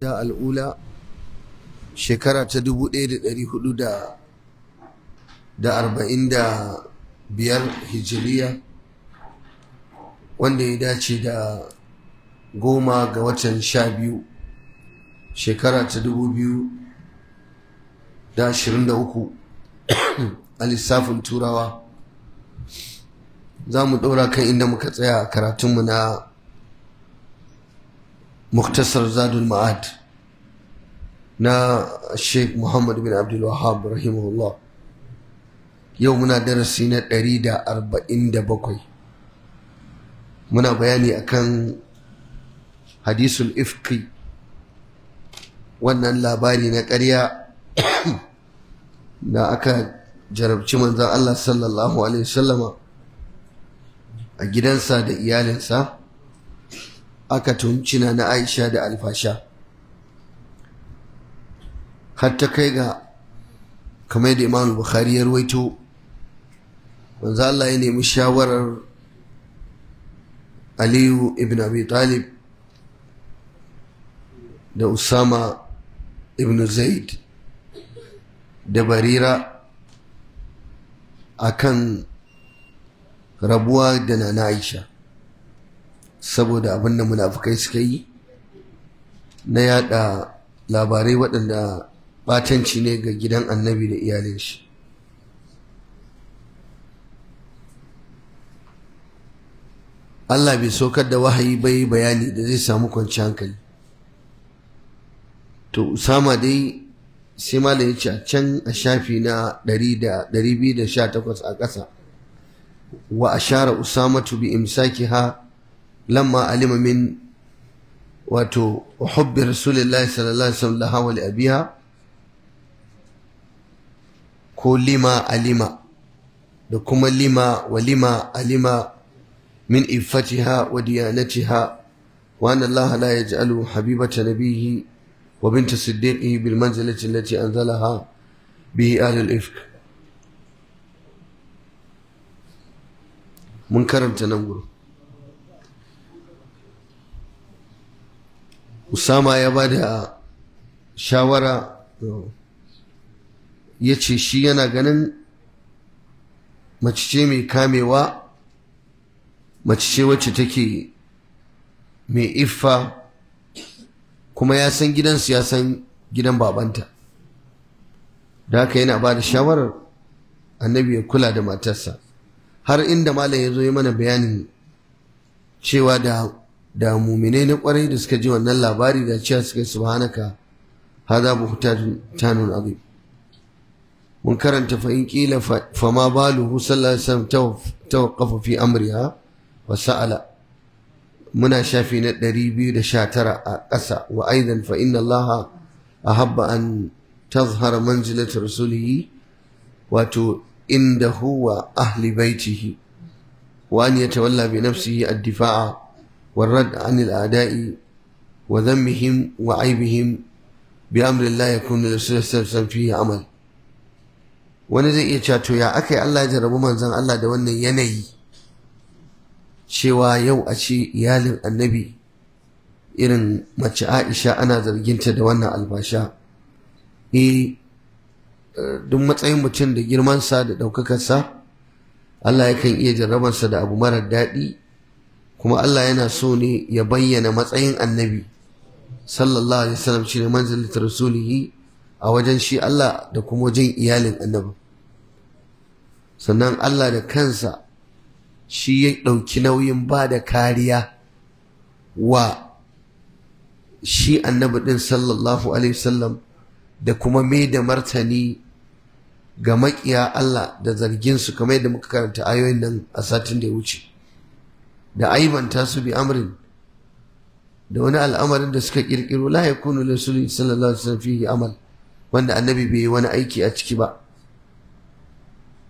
da al'ula shekara ta dubu ɗaya da ɗari hudu da da arba'in da biyar hijiriya wanda ya dace da goma ga watan sha biyu shekara ta dubu biyu da ashirin da uku a lissafin turawa za mu ɗora kan inda muka tsaya karatunmu na muktasar Zadulma'ad na sheikh muhammad bin abdul wahab yau muna darasi na ɗari da da arba'in bakwai muna bayani akan hadisul ifki wannan labari na karya da aka jarabci manzan Allah sallallahu alaihi a gidansa da iyalinsa aka tuhumci na Aisha da alfasha har ta kai ga kamar da Imam Bukhari ya ruwaito manzo Allah ya nemi shawarar Aliyu ibn Abi Talib da Usama ibn Zaid da Barira akan rabuwa da na Aisha saboda abin da munafukai suka yi na yada labarai waɗanda ɓatanci ne ga gidan annabi da iyalin shi Allah bai saukar da wahayi bai bayani da zai samu kwanci hankali to Usama dai sai malam ya ce a can a shafi na 218 a ƙasa wa Usama tu bi imsakiha lamma alima min wato hubbi rasulillahi sallallahu alaihi wasallam laha wa abiha ko lima alima da kuma lima walima alima min iffatiha wa diyanatiha wa anna Allah la yaj'alu habibata nabiyhi wa binta siddiqihi bil manzilati allati anzalaha mun karanta nan gurin usama ya ba da shawara ya ce shi yana ganin mace ce mai kamewa mace ce wacce take mai iffa kuma ya san gidansu ya san gidan babanta da haka yana ba da shawarar annabi ya kula da matarsa har inda malam ya zo yi mana bayanin cewa da da muminai na kwarai da suka ji wannan labari da cewa suka yi subhanaka hada buhtanun azim mun karanta fa in qila fa ma baluhu sallallahu alaihi wasallam tawaqqafa fi amriha wa sa'ala muna shafi na 219 a ƙasa wa aidan fa inna Allah ahabba an tazhara manzilat rasulihi wato inda huwa ahli baitihi wa an yatawalla bi nafsihi ad-difa'a والرد عن الأعداء وذمهم وعيبهم بأمر الله يكون للسلسل فيه عمل wani zai iya cato ya aka yi Allah ya jarabi manzon Allah da wannan yanayi cewa yau a ce iyalin annabi irin mace Aisha ana zarginta da wannan albasha eh duk matsayin mutum da girmansa da ɗaukakarsa Allah yakan iya jarrabarsa da abu mara daɗi kuma Allah yana so ne ya bayyana matsayin annabi sallallahu alaihi wasallam shine da rasulihi a wajen shi Allah da kuma wajen iyalin annabi sannan Allah da kansa shi ya dauki nauyin ba da kariya wa shi annabi din sallallahu alaihi wasallam da kuma mai da martani ga maƙiya Allah da zarginsu kamar yadda muka karanta ayoyin nan a satin da ya wuce. da aibanta su bi amrin da wani al'amarin da suka kirkiro la yakunu lisulun sallallahu alaihi wasallam fihi amal wanda annabi bai yi wani aiki a ciki ba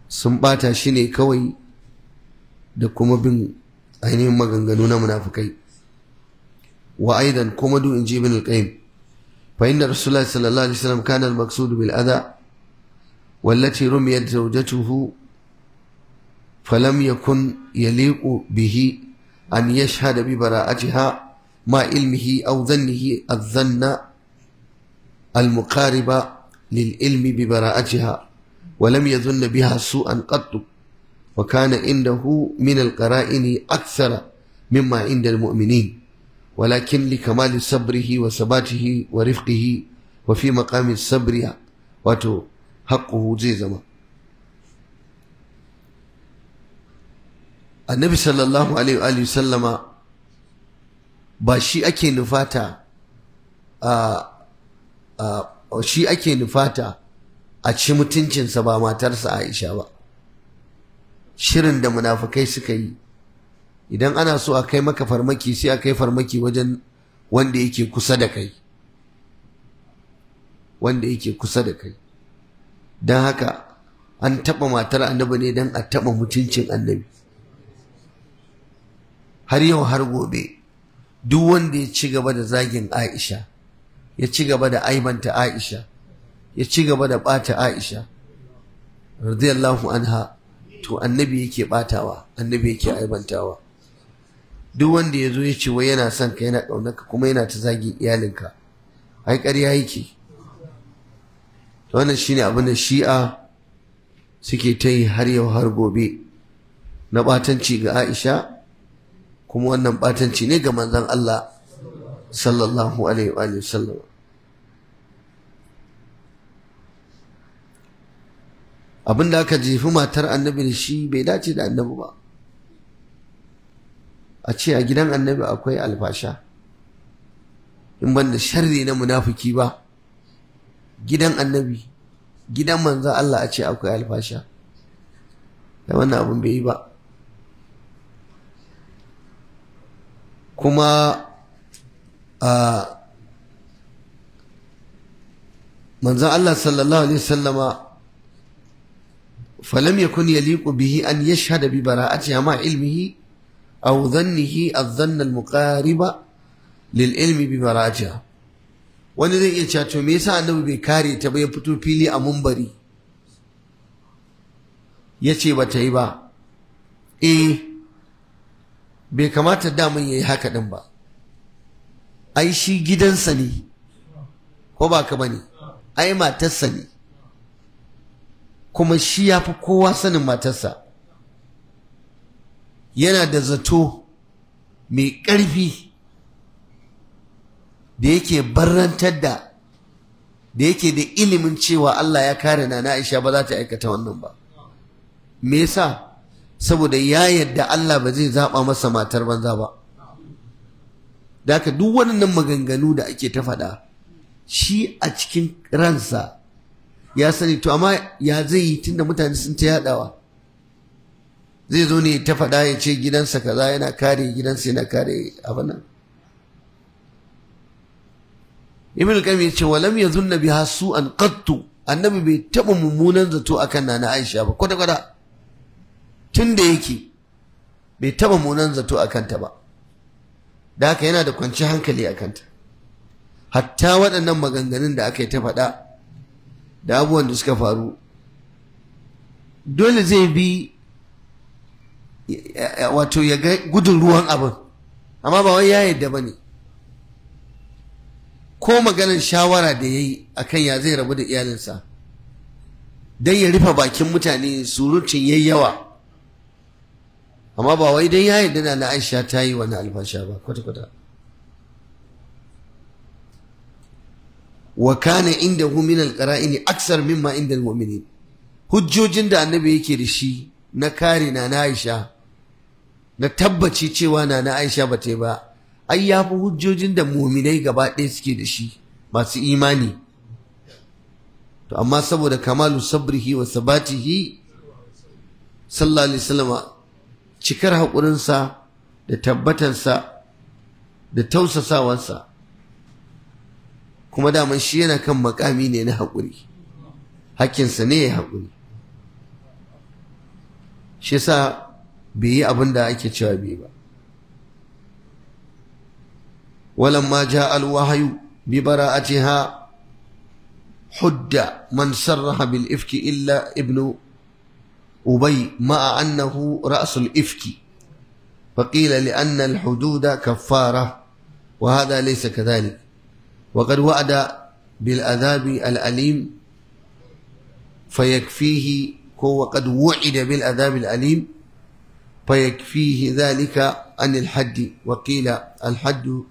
sun bata shi ne kawai da kuma bin ainihin maganganu na munafukai wa aidan kuma du in ji ibn al-qayyim fa inna rasulullahi sallallahu alaihi wasallam kana al-maqsud bil adha wallati rumiyat zawjatuhu falam yakun yaliqu bihi أن يشهد ببراءتها مع علمه أو ظنه الظن المقارب للعلم ببراءتها ولم يظن بها سوءا قط وكان عنده من القرائن أكثر مما عند المؤمنين ولكن لكمال صبره وثباته ورفقه وفي مقام الصبر وتو حقه زي زمان annabi sallallahu alaihi wa sallama ba shi ake nufata a shi ake nufata a ci mutuncinsa ba matarsa Aisha ba shirin da munafukai suka yi idan ana so a kai maka farmaki sai a kai farmaki wajen wanda yake kusa da kai wanda yake kusa da kai don haka an taɓa matar annabi ne don a taɓa mutuncin annabi har yau har gobe duk wanda ya ci gaba da zagin Aisha ya ci gaba da aibanta Aisha ya ci gaba da ɓata Aisha radiyallahu anha to annabi yake ɓatawa annabi yake aibantawa duk wanda ya zo ya ce wai yana son ka yana ɗaunaka, kuma yana ta zagin iyalinka ai ƙarya yake wannan shine abin da shi'a suke ta yi har yau har gobe na ɓatanci ga Aisha kuma wannan batanci ne ga manzon Allah sallallahu alaihi wa sallam da aka jefi matar annabi da shi bai dace da annabi ba a ce a gidan annabi akwai alfasha in ban da sharri na munafiki ba gidan annabi gidan manzo Allah a ce akwai alfasha da wannan abin bai yi ba kuma a manzan Allah sallallahu alaihi Sallama. falam yakun yaliku bihi an yashhada bi bara'atiha ma ilmihi aw dhannihi adh-dhann al-muqariba lil ilmi bi bara'atiha wani zai iya cewa to me yasa annabi bai kare ta ba ya fito fili a mumbari yace bata yi ba eh bai kamata damun ya yi haka ɗin ba ai shi gidansa ne ko ba ka bane ai matarsa ne kuma shi ya fi kowa sanin matarsa yana da zato mai ƙarfi da yake barrantar da da yake da ilimin cewa Allah ya kare na Aisha ba za ta aikata wannan ba me yasa saboda ya yadda Allah ba zai zaɓa masa matar banza ba daka duk wannan maganganu da ake ta faɗa shi a cikin ransa ya sani to amma ya zai yi tunda mutane sun ta yaɗawa zai zo ne ta faɗa ya ce gidansa kaza yana kare gidansa yana kare abin nan ibn ya ce walam yazunna biha su'an qattu annabi bai taɓa mummunan zato akan nana Aisha ba kwata kwata tun da yake bai taba munan zato a kanta ba da haka yana da kwanci hankali a kanta hatta waɗannan maganganun da aka yi ta faɗa da abubuwan da suka faru dole zai bi wato ya ga gudun ruwan abin amma ba wai ya yadda ba ne ko maganar shawara da ya yi a kan ya zai rabu da iyalinsa don ya rufe bakin mutane surucin yayi yawa amma ba wai dai ya yarda na Aisha ta yi wani alfasha ba kwata kwata wa kana indahu min alqara'ini aksar mimma inda huminin hujjojin da annabi yake da shi na kare na na Aisha na tabbaci cewa na Aisha ba ta yi ba ai ya fi hujjojin da muminai gaba ɗaya suke da shi masu imani to amma saboda kamalu sabrihi wa sabatihi sallallahu alaihi wasallam cikar haƙurinsa da tabbatarsa da tausasawarsa kuma daman shi yana kan makami ne na haƙuri hakkinsa ne ya haƙuri shi sa bai yi abin da ake cewa bai ba alwahayu جاء الوحي ببراءتها حد من bil ifki illa Ibnu. أبي مع أنه رأس الإفك فقيل لأن الحدود كفارة وهذا ليس كذلك وقد وعد بالعذاب الأليم فيكفيه وقد وعد بالعذاب الأليم فيكفيه ذلك عن الحد وقيل الحد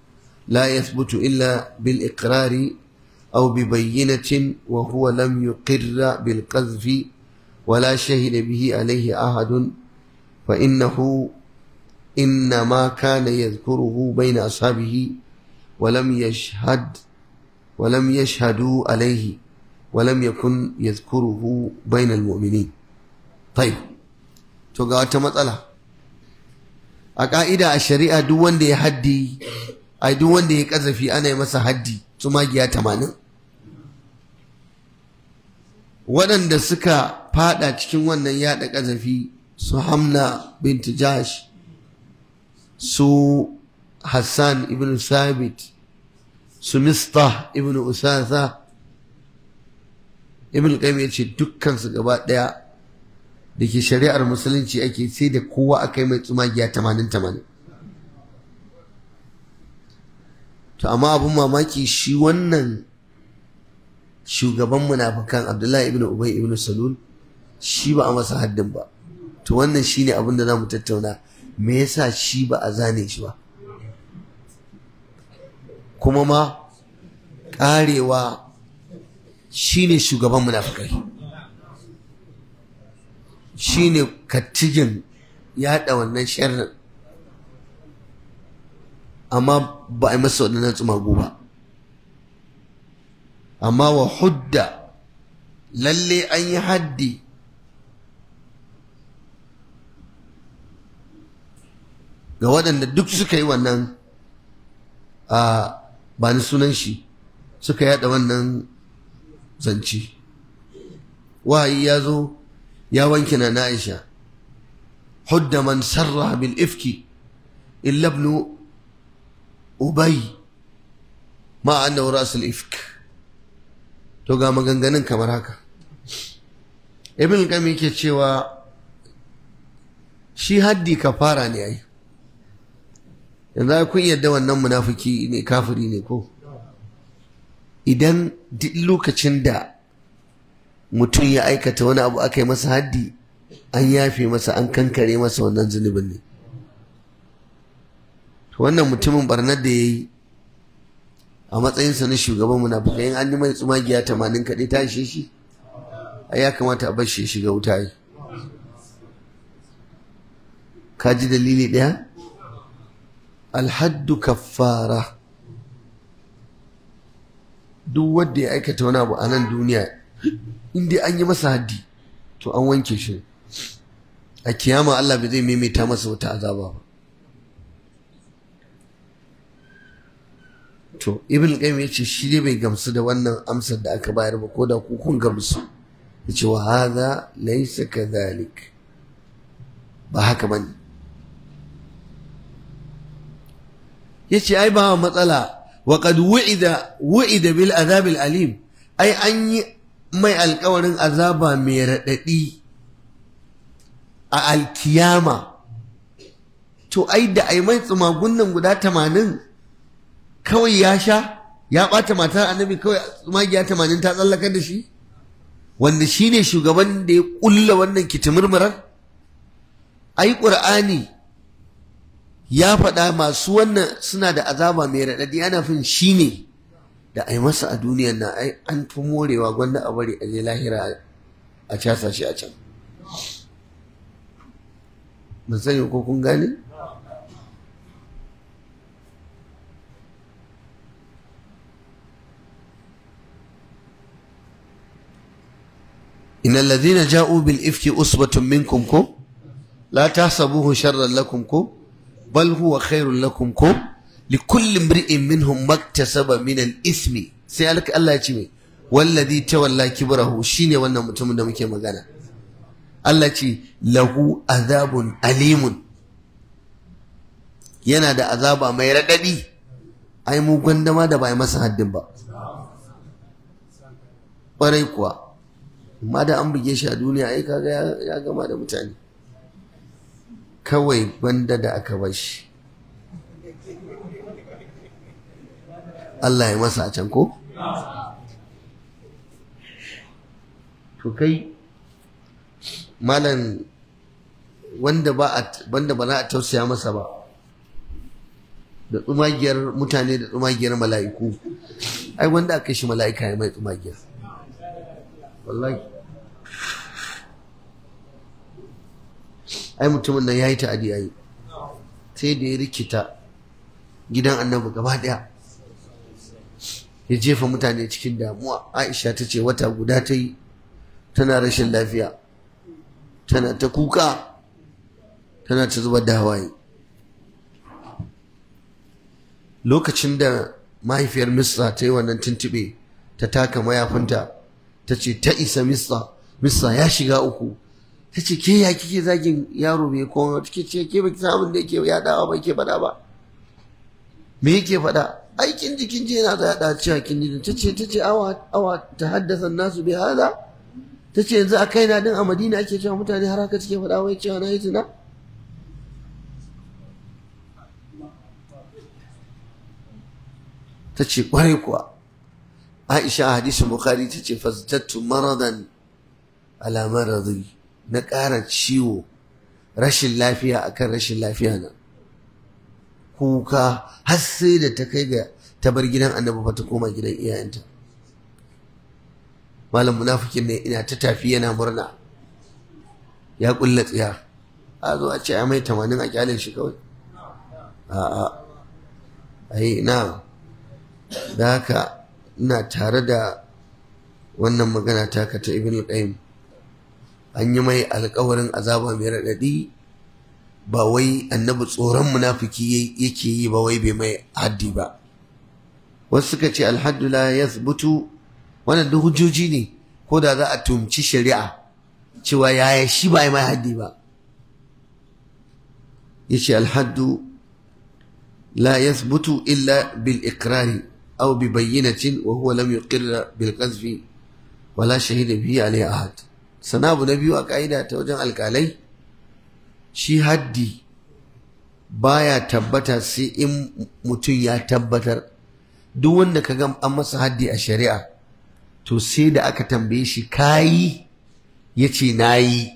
لا يثبت إلا بالإقرار أو ببينة وهو لم يقر بالقذف ولا شهد به عليه أحد فإنه إنما كان يذكره بين أصحابه ولم يشهد ولم يشهدوا عليه ولم يكن يذكره بين المؤمنين طيب توقع وتمطلع a الشريعة دوان دي حدي أي دوان دي a duk wanda ya ƙazafi ana yi masa haddi su fada cikin wannan yada kazafi su hamna bint jash su hassan ibn sabit su mista ibn usasa ibn qayyim ya ce dukkan su gaba daya da ke shari'ar musulunci ake sai da kowa aka yi mai tsumagiya tamanin tamanin to amma abin mamaki shi wannan shugaban munafukan abdullahi ibn ubay ibn salul shi ba a masa haddin ba to wannan shine abin da za mu tattauna me yasa shi ba a zane shi ba kuma ma karewa shine shugaban munafikai shine kattijin yaɗa wannan sharrin amma ba a yi masa waɗannan tsumagu ba amma wa hudda lalle an yi haddi ga waɗanda duk suka yi wannan a ba ni sunan shi suka yada wannan zance wahayi ya zo ya wanke na Na'isha? hudda man sarra bil ifki illa ibn ubay ma annahu ras ifk to ga maganganun kamar haka ibn gami ke cewa shi haddi kafara ne ai yanzu kun yadda wannan munafiki ne kafiri ne ko idan duk lokacin da mutum ya aikata wani abu aka yi masa haddi an yafe masa an kankare masa wannan zunubin ne wannan mutumin barnar da ya yi a matsayinsa na shugaban munafukai yin an yi mai tsumagiya tamanin kaɗai ta ishe shi ai ya kamata a bar shi shiga wuta ka ji dalili ɗaya alhaddu kaffara duk wanda ya aikata wani abu a nan duniya in an yi masa haddi to an wanke shi a kiyama Allah bai zai maimaita masa wata azaba ba to ibn qayyim yace shi dai bai gamsu da wannan amsar da aka bayar ba koda da ku kun gamsu yace wa hadha laysa kadhalik ba haka bane yace ai ba matsala wa qad wu'ida wu'ida bil azab al alim ai an yi mai alkawarin azaba mai raɗaɗi a alkiyama to ai da ai mai tsumagun nan guda tamanin kawai ya sha ya ɓata matar annabi kawai tsumagiya tamanin ta tsallakar da shi wanda shi ne shugaban da ya ƙulla wannan kitimirmirar ai ƙur'ani ya faɗa masu wannan suna da azaba mai raɗaɗi ana fin shi ne da ai masa a duniyan na ai an fi morewa gwanda a bari a je lahira a casa shi a can ban sani ko kun gane إن الذين جاءوا بالإفك أصبة منكم كو لا تحسبوه شرا لكم كو bal huwa khairul lakum ko li kulli imri'in minhum maktasaba min al-ithmi sai Allah ya ce mai wallazi tawalla kibrahu shine wannan mutumin da muke magana Allah ce lahu azabun alimun yana da azaba mai raɗaɗi ai mu gwandama da bai masa haddin ba ƙwarai kuwa amma da an buge shi a duniya ai kaga ya gama da mutane kawai gwanda da aka bashi Allah ya masa a can ko? to kai malam wanda ba za a tausaya masa ba da tsumagiyar mutane da tsumagiyar mala'iku ai wanda aka shi mala'ika ya mai tsumagiyar wallahi ai mutumin nan ya yi ta'adi yi. sai da ya rikita gidan annabi gaba daya ya jefa mutane cikin damuwa aisha ta ce wata guda ta yi tana rashin lafiya tana ta kuka tana ta zubar da hawaye lokacin da mahaifiyar misra ta yi wannan tuntube ta taka mayafinta ta ce ta isa misra ya shiga uku ta ce ke ya kike zagin yaro mai kowa ta ce ke baki samun da yake yadawa ba ke faɗa ba me yake faɗa aikin jikin je yana da yada cewa kin jini ta ce ta ce awa awa ta haddasa nasu bai hada ta ce yanzu a kaina din a madina ake cewa mutane har haka cike faɗa wai cewa na yi zina ta ce kwarai kuwa aisha a hadisin bukhari ta ce fazitattu maradan alamar maradi na ƙara ciwo rashin lafiya akan rashin lafiya na kuka har sai da ta kai ga ta bar gidan annabi fa ta koma gidan iyayenta malam munafikin ne ina ta tafi yana murna ya kulla tsiya a zo a ce a mai tamanin a kyalin shi kawai a'a ai na da haka ina tare da wannan magana taka ta ibn qayyim an yi mai alkawarin azaba mai raɗaɗi ba wai annabi tsoron munafiki yake yi ba wai bai mai haddi ba wasu suka ce alhaddu la yathbutu wannan duk hujjoji ne ko da za a tumci shari'a cewa yaya shi ba mai haddi ba yace alhaddu la yathbutu illa bil ikrari aw bi bayyinatin wa huwa lam yuqirra bil qazfi wala shahida bihi alayhi ahad sana abu na biyu a ka'ida ta wajen alkalai shi haddi baya tabbata sai in mutum ya tabbatar duk wanda ka ga an masa haddi a shari'a to sai da aka tambaye shi kayi ya ce na yi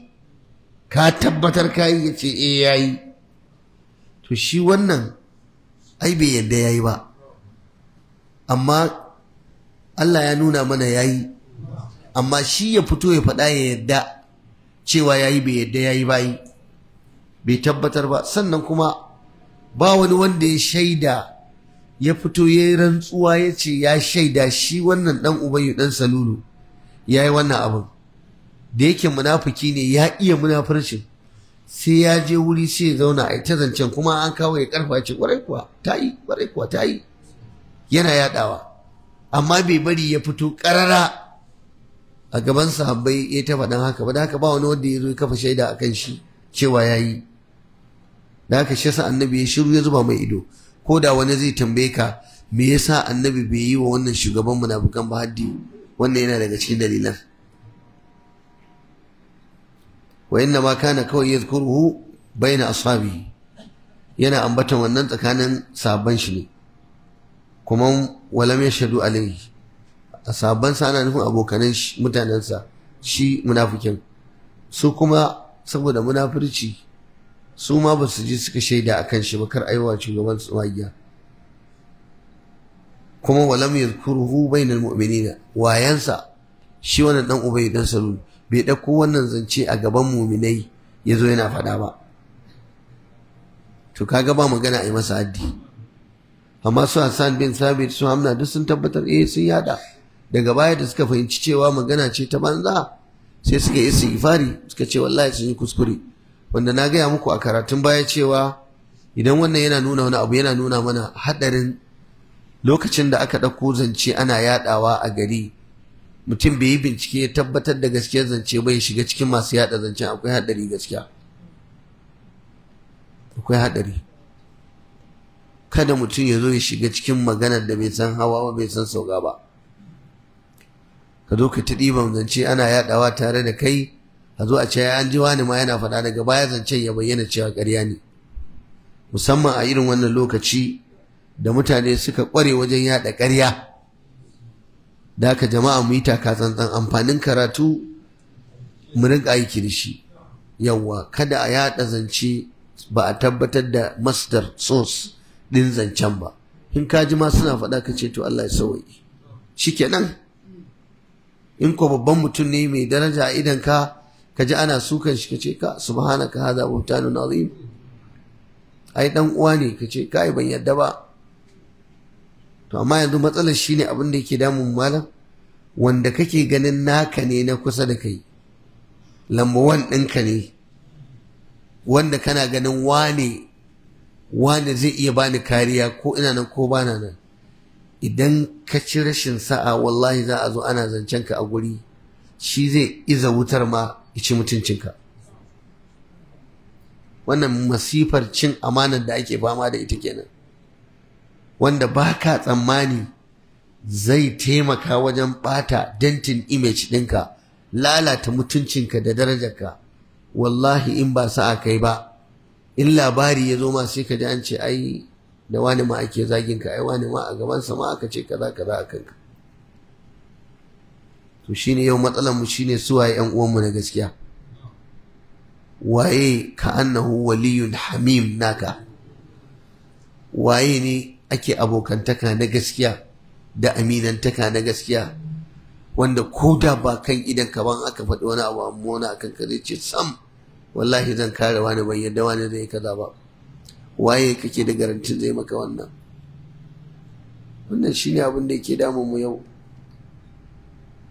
ka tabbatar kayi ya ce eh ya yi to shi wannan ai bai yadda ya yi ba amma Allah ya nuna mana ya yi amma shi ya fito ya faɗa ya yadda cewa ya yi bai yadda ya yi bayi bai tabbatar ba sannan kuma ba wani wanda ya shaida ya fito ya yi rantsuwa ya ce ya shaida shi wannan ɗan yi ɗan salulu ya yi wannan abin da yake munafuki ne ya iya munafurcin sai ya je wuri sai ya zauna a ta zancen kuma an kawo ya karfa ce kuwa ta yi kwarai kuwa ta yi yana yadawa amma bai bari ya fito karara a gaban sahabbai ya ta faɗin haka ba da haka ba wani wanda ya zo kafa shaida a kan shi cewa ya yi da haka shi yasa annabi ya shiru ya zuba mai ido ko da wani zai tambaye ka me yasa annabi bai yi wa wannan shugaban munafukan ba haddi wannan yana daga cikin dalilan wa inna ma kana kawai yadhkuruhu baina ashabi yana ambatan wannan tsakanin sabon shi ne kuma walam yashhadu alayhi A sabon ana nufin abokanan mutanensa shi munafikin su kuma saboda munafurci su ma ba su je suka shaida a kan shi ba kar aiwa shugaban su magiya kuma walam yadhkuruhu bainal mu'minina wayansa shi wannan dan uba, dan salul bai dauko wannan zance a gaban mu'minai yazo yana faɗa ba to kaga ba magana ai masa addi amma su Hassan bin Sabit su Hamna duk sun tabbatar eh sun yada daga baya da suka fahimci cewa magana ce ta banza sai suka yi sigifari suka ce wallahi sun yi kuskure wanda na gaya muku a karatun baya cewa idan wannan yana nuna wani abu yana nuna mana Haɗarin lokacin da aka ɗauko zance ana yaɗawa a gari mutum bai yi bincike ya tabbatar da gaskiyar zance ba ya shiga cikin masu yada zancen akwai hadari gaskiya akwai hadari kada mutum ya zo ya shiga cikin maganar da bai san hawa ba bai san sauka ba ka zo ka ci ɗiban zance ana yaɗawa tare da kai a zo a ce an ji wani ma yana faɗa daga baya zancen ya bayyana cewa ƙarya ne musamman a irin wannan lokaci da mutane suka ƙware wajen yaɗa ƙarya da ka jama'a mu yi taka tsantsan amfanin karatu mu rinƙa yi da shi yawwa kada a yaɗa zance ba a tabbatar da masdar source din zancen ba in ka ji ma suna faɗa ka ce to Allah ya sauwaye shikenan in ko babban mutum ne mai daraja a idan ka ka ji ana sukan shi ka ce ka subhanaka hadha buhtanun azim ai dan uwa ne ka ce kai ban yadda ba to amma yanzu matsalar shine abin da yake damun malam wanda kake ganin naka ne na kusa da kai lamba wan ɗinka ne wanda kana ganin wane wane zai iya bani kariya ko ina nan ko bana nan idan ka ci rashin sa'a wallahi za a zo ana zancen ka a guri shi zai iza wutar ma ya ci mutuncinka wannan masifar cin amanar da ake fama da ita kenan wanda ba ka tsammani zai taimaka wajen ɓata dentin image ɗinka lalata mutuncinka da darajarka wallahi in ba sa'a kai ba in labari ya zo ma sai ka ji an ce ai da wani ma ake zagin ka ai wani ma a gaban sama aka ce kaza kaza a kanka to shine yau matsalar mu shine su waye yan uwan mu na gaskiya waye ka annahu waliyun hamim naka waye ne ake abokantaka na gaskiya da aminantaka na gaskiya wanda ko da ba kan idan ka ban aka faɗi wani abu amma wani akan ka zai ce sam wallahi zan kare wani ban yadda wani zai kaza ba waye kake da garantin zai maka wannan wannan shine abin da yake damun mu yau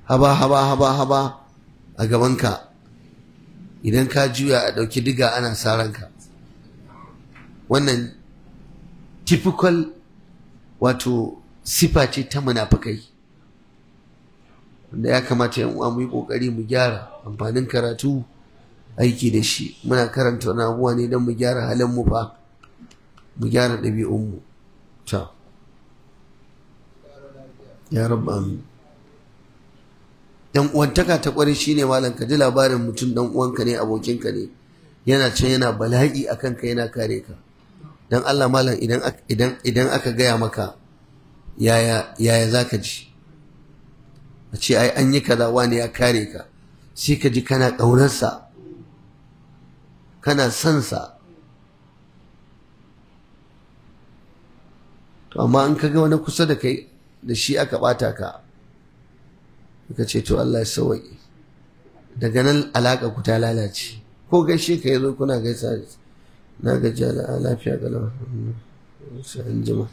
haba haba haba haba a gabanka idan ka juya a ɗauki diga ana saranka wannan typical wato sifa ce ta munafukai wanda ya kamata yan uwa mu yi kokari mu gyara amfanin karatu aiki da shi muna karanta wani abuwa ne don mu gyara halin mu fa mu gyara ɗabi'unmu ta ya rabu amin yan uwantaka ta shi shine malam ka ji labarin mutum dan uwanka ne abokinka ne yana can yana bala'i akan ka yana kare ka dan Allah malam idan aka gaya maka yaya za ka ji a ce ai an yi kaza wani ya kare ka sai ka ji kana ƙaunarsa kana sansa to amma in kaga wani kusa da kai da shi aka bata ka ka ce to Allah ya sawaye daga nan alaka ku ta lalace ko gaishe ka yazo kuna gaisa na gaji da lafiya ga sai an jima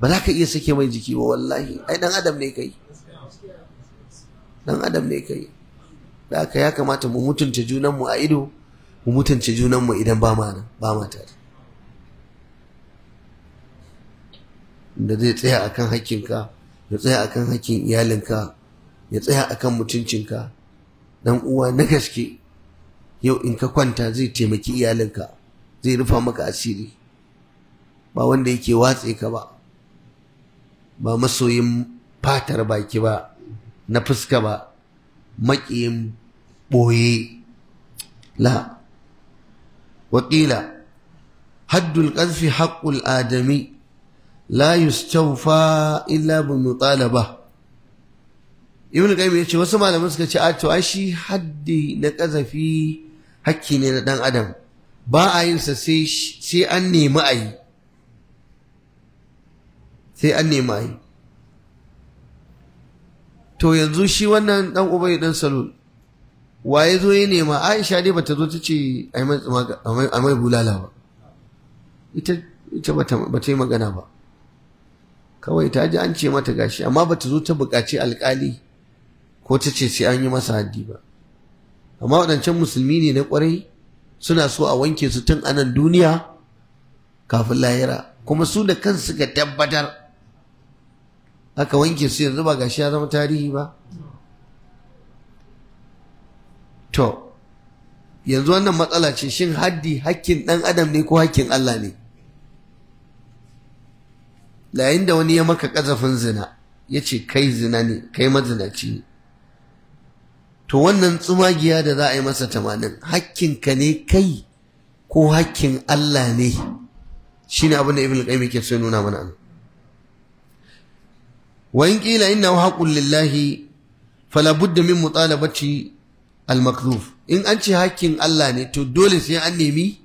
ba za ka iya sake mai jiki ba wallahi ai dan adam ne kai dan adam ne kai da aka ya kamata mu mutunta junanmu a ido mu mutunta junanmu idan ba ma ba ma tare da zai tsaya kan hakkinka ya tsaya akan hakkin iyalinka ya tsaya akan mutuncinka dan uwa na gaske yau in ka kwanta zai taimaki iyalinka zai rufa maka asiri ba wanda yake watse ka ba ba masoyin fatar baki ba na fuska ba maƙiyin ɓoye la wakila haddul ƙarfi haƙƙul adami la yustawfa illa bi ba. ibn qayyim yace wasu malaman suka ci a to shi haddi na kazafi hakki ne na dan adam ba a yin sa sai an nemi ayi sai to yanzu shi wannan dan ubay dan salul waye zo ya nema Aisha dai bata zo ta ce ai mai bulala ba ita bata yi magana ba kawai ta ji an ce mata gashi amma bata zo ta buƙaci alƙali ko ta ce sai an yi masa haddi ba amma waɗancan musulmi ne na ƙwarai suna so a wanke su tun anan duniya kafin lahira kuma su da kansu suka tabbatar aka wanke su yanzu ba gashi ya zama tarihi ba to yanzu wannan matsala ce shin haddi hakkin ɗan adam ne ko hakkin Allah ne Layin da wani ya maka kazafin zina ya ce kai zina ne kai mazinaci ne to wannan tsumagiya da za a yi masa tamanin ka ne kai ko hakkin Allah ne Shi ne abin da ibn qayyim yake so nuna mana anan wa in qila wa haqqun lillahi fala budda min mutalabati al makdhuf in an ce hakkin Allah ne to dole sai an nemi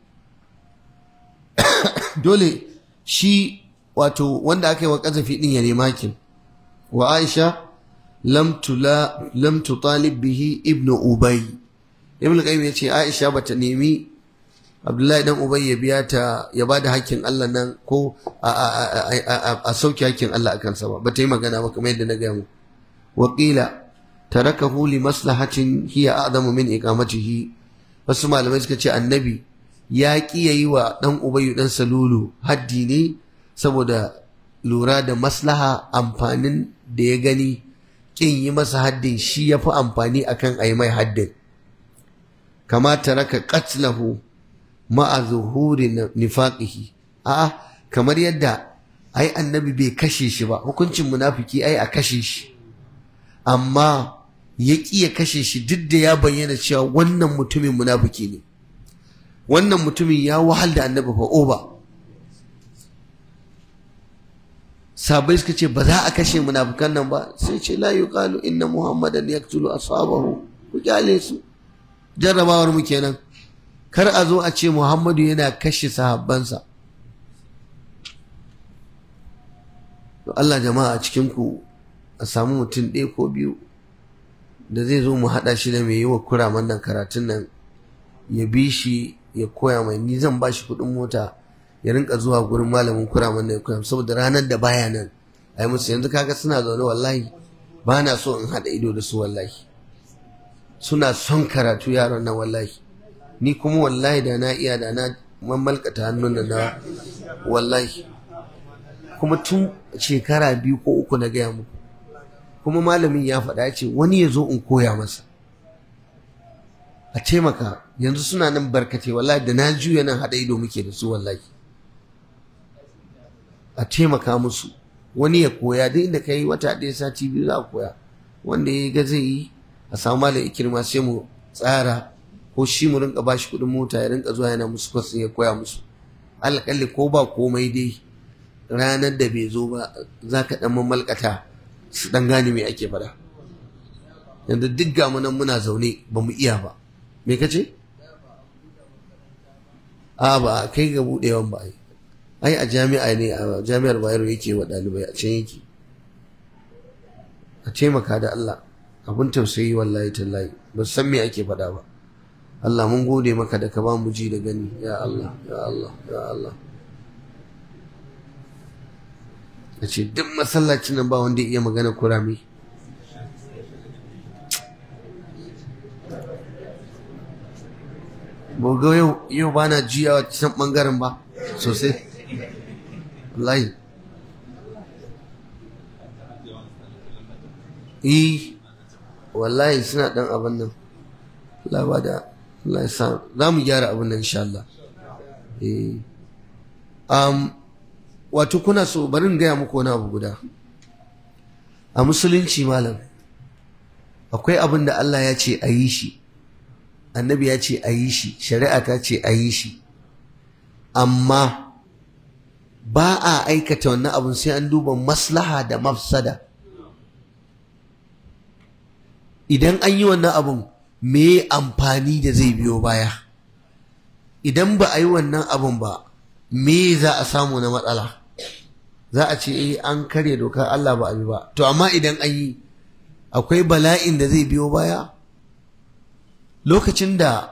dole shi wato wanda aka yi wa ƙazafi din ya nema ki wa Aisha lam tula lam tutalib bihi ibn Ubay Ibn Qayyim yace Aisha bata nemi Abdullahi dan Ubay ya biya ta ya bada hakkin Allah nan ko a sauke hakkin Allah akan sa ba bata yi magana ba kamar yadda na ga mu wa qila tarakahu li maslahatin hiya a'zamu min iqamatihi wasu malamai suka ce annabi ya ki yayi wa ɗan Ubayu dan Salulu haddi ne saboda lura da maslaha amfanin da ya gani kin yi masa haddin shi ya fi amfani akan a yi mai haddin kamata raka qatlahu ma'a zuhuri nifaƙihi a'a kamar yadda ai annabi bai kashe shi ba hukuncin munafiki ai a kashe shi amma ya ƙi ya kashe shi duk da ya bayyana cewa wannan mutumin munafiki ne wannan mutumin ya wahal da annabi fa ba sabai suka ce ba za a kashe munafukan nan ba sai ce la yuqalu inna muhammadan yaqtulu ashabahu ku kyale su jarrabawar mu kenan kar a zo a ce muhammadu yana kashe sahabbansa to Allah jama'a a cikin ku a samu mutum ɗaya ko biyu da zai zo mu haɗa shi da mai yi wa kuraman nan karatun nan ya bi shi ya koya mai ni zan ba shi kuɗin mota ya rinka zuwa gurin malamin kuramun na ya saboda ranar da baya nan ai musu yanzu kaga suna zaune wallahi ba na so in haɗa ido da su wallahi suna son karatu yaron nan wallahi ni kuma wallahi da na iya da na mamalkata hannun da na wallahi kuma tun shekara biyu ko uku na gaya muku kuma malamin ya faɗa ce wani ya zo in koya masa a taimaka yanzu suna nan barkate, wallahi da na juya nan haɗa ido muke da su wallahi a taimaka musu wani ya koya duk inda ka yi wata ɗaya sati biyu za a koya wanda ya ga zai yi a samu malam ikirma sai mu tsara ko shi mu rinka bashi kuɗin mota ya rinka zuwa yana musu kwasin ya koya musu alƙalli ko ba komai dai ranar da bai zo ba za ka ɗan mamalkata su ɗan gane me ake faɗa Yadda duk ga nan muna zaune ba mu iya ba me ka ce a ba kai ga buɗewan ba yi ai a jami'a ne a jami'ar bayero yake wa ɗalibai a can yake a taimaka da Allah abin tausayi wallahi tallahi ba san me ake faɗa ba Allah mun gode maka da ka ba mu ji da gani ya Allah ya Allah ya Allah a ce duk masallacin nan ba wanda iya magana kurame Bogo yau ba na jiya can ɓangaren ba sosai wallahi eh wallahi suna dan abin nan Allah da za mu gyara abin nan insha Allah e, wato kuna so bari in gaya muku wani abu guda a musulunci malam akwai abin da Allah ya ce a yi shi annabi ya ce a yi shi shari'a ta ce a yi shi amma ba a aikata wannan abun sai an duba maslaha da mafsada idan an yi wannan abun me amfani da zai biyo baya idan ba a yi wannan abun ba me za a samu na matsala za a ce eh an karya dokar Allah ba a bi ba to amma idan an yi akwai bala'in da zai biyo baya lokacin da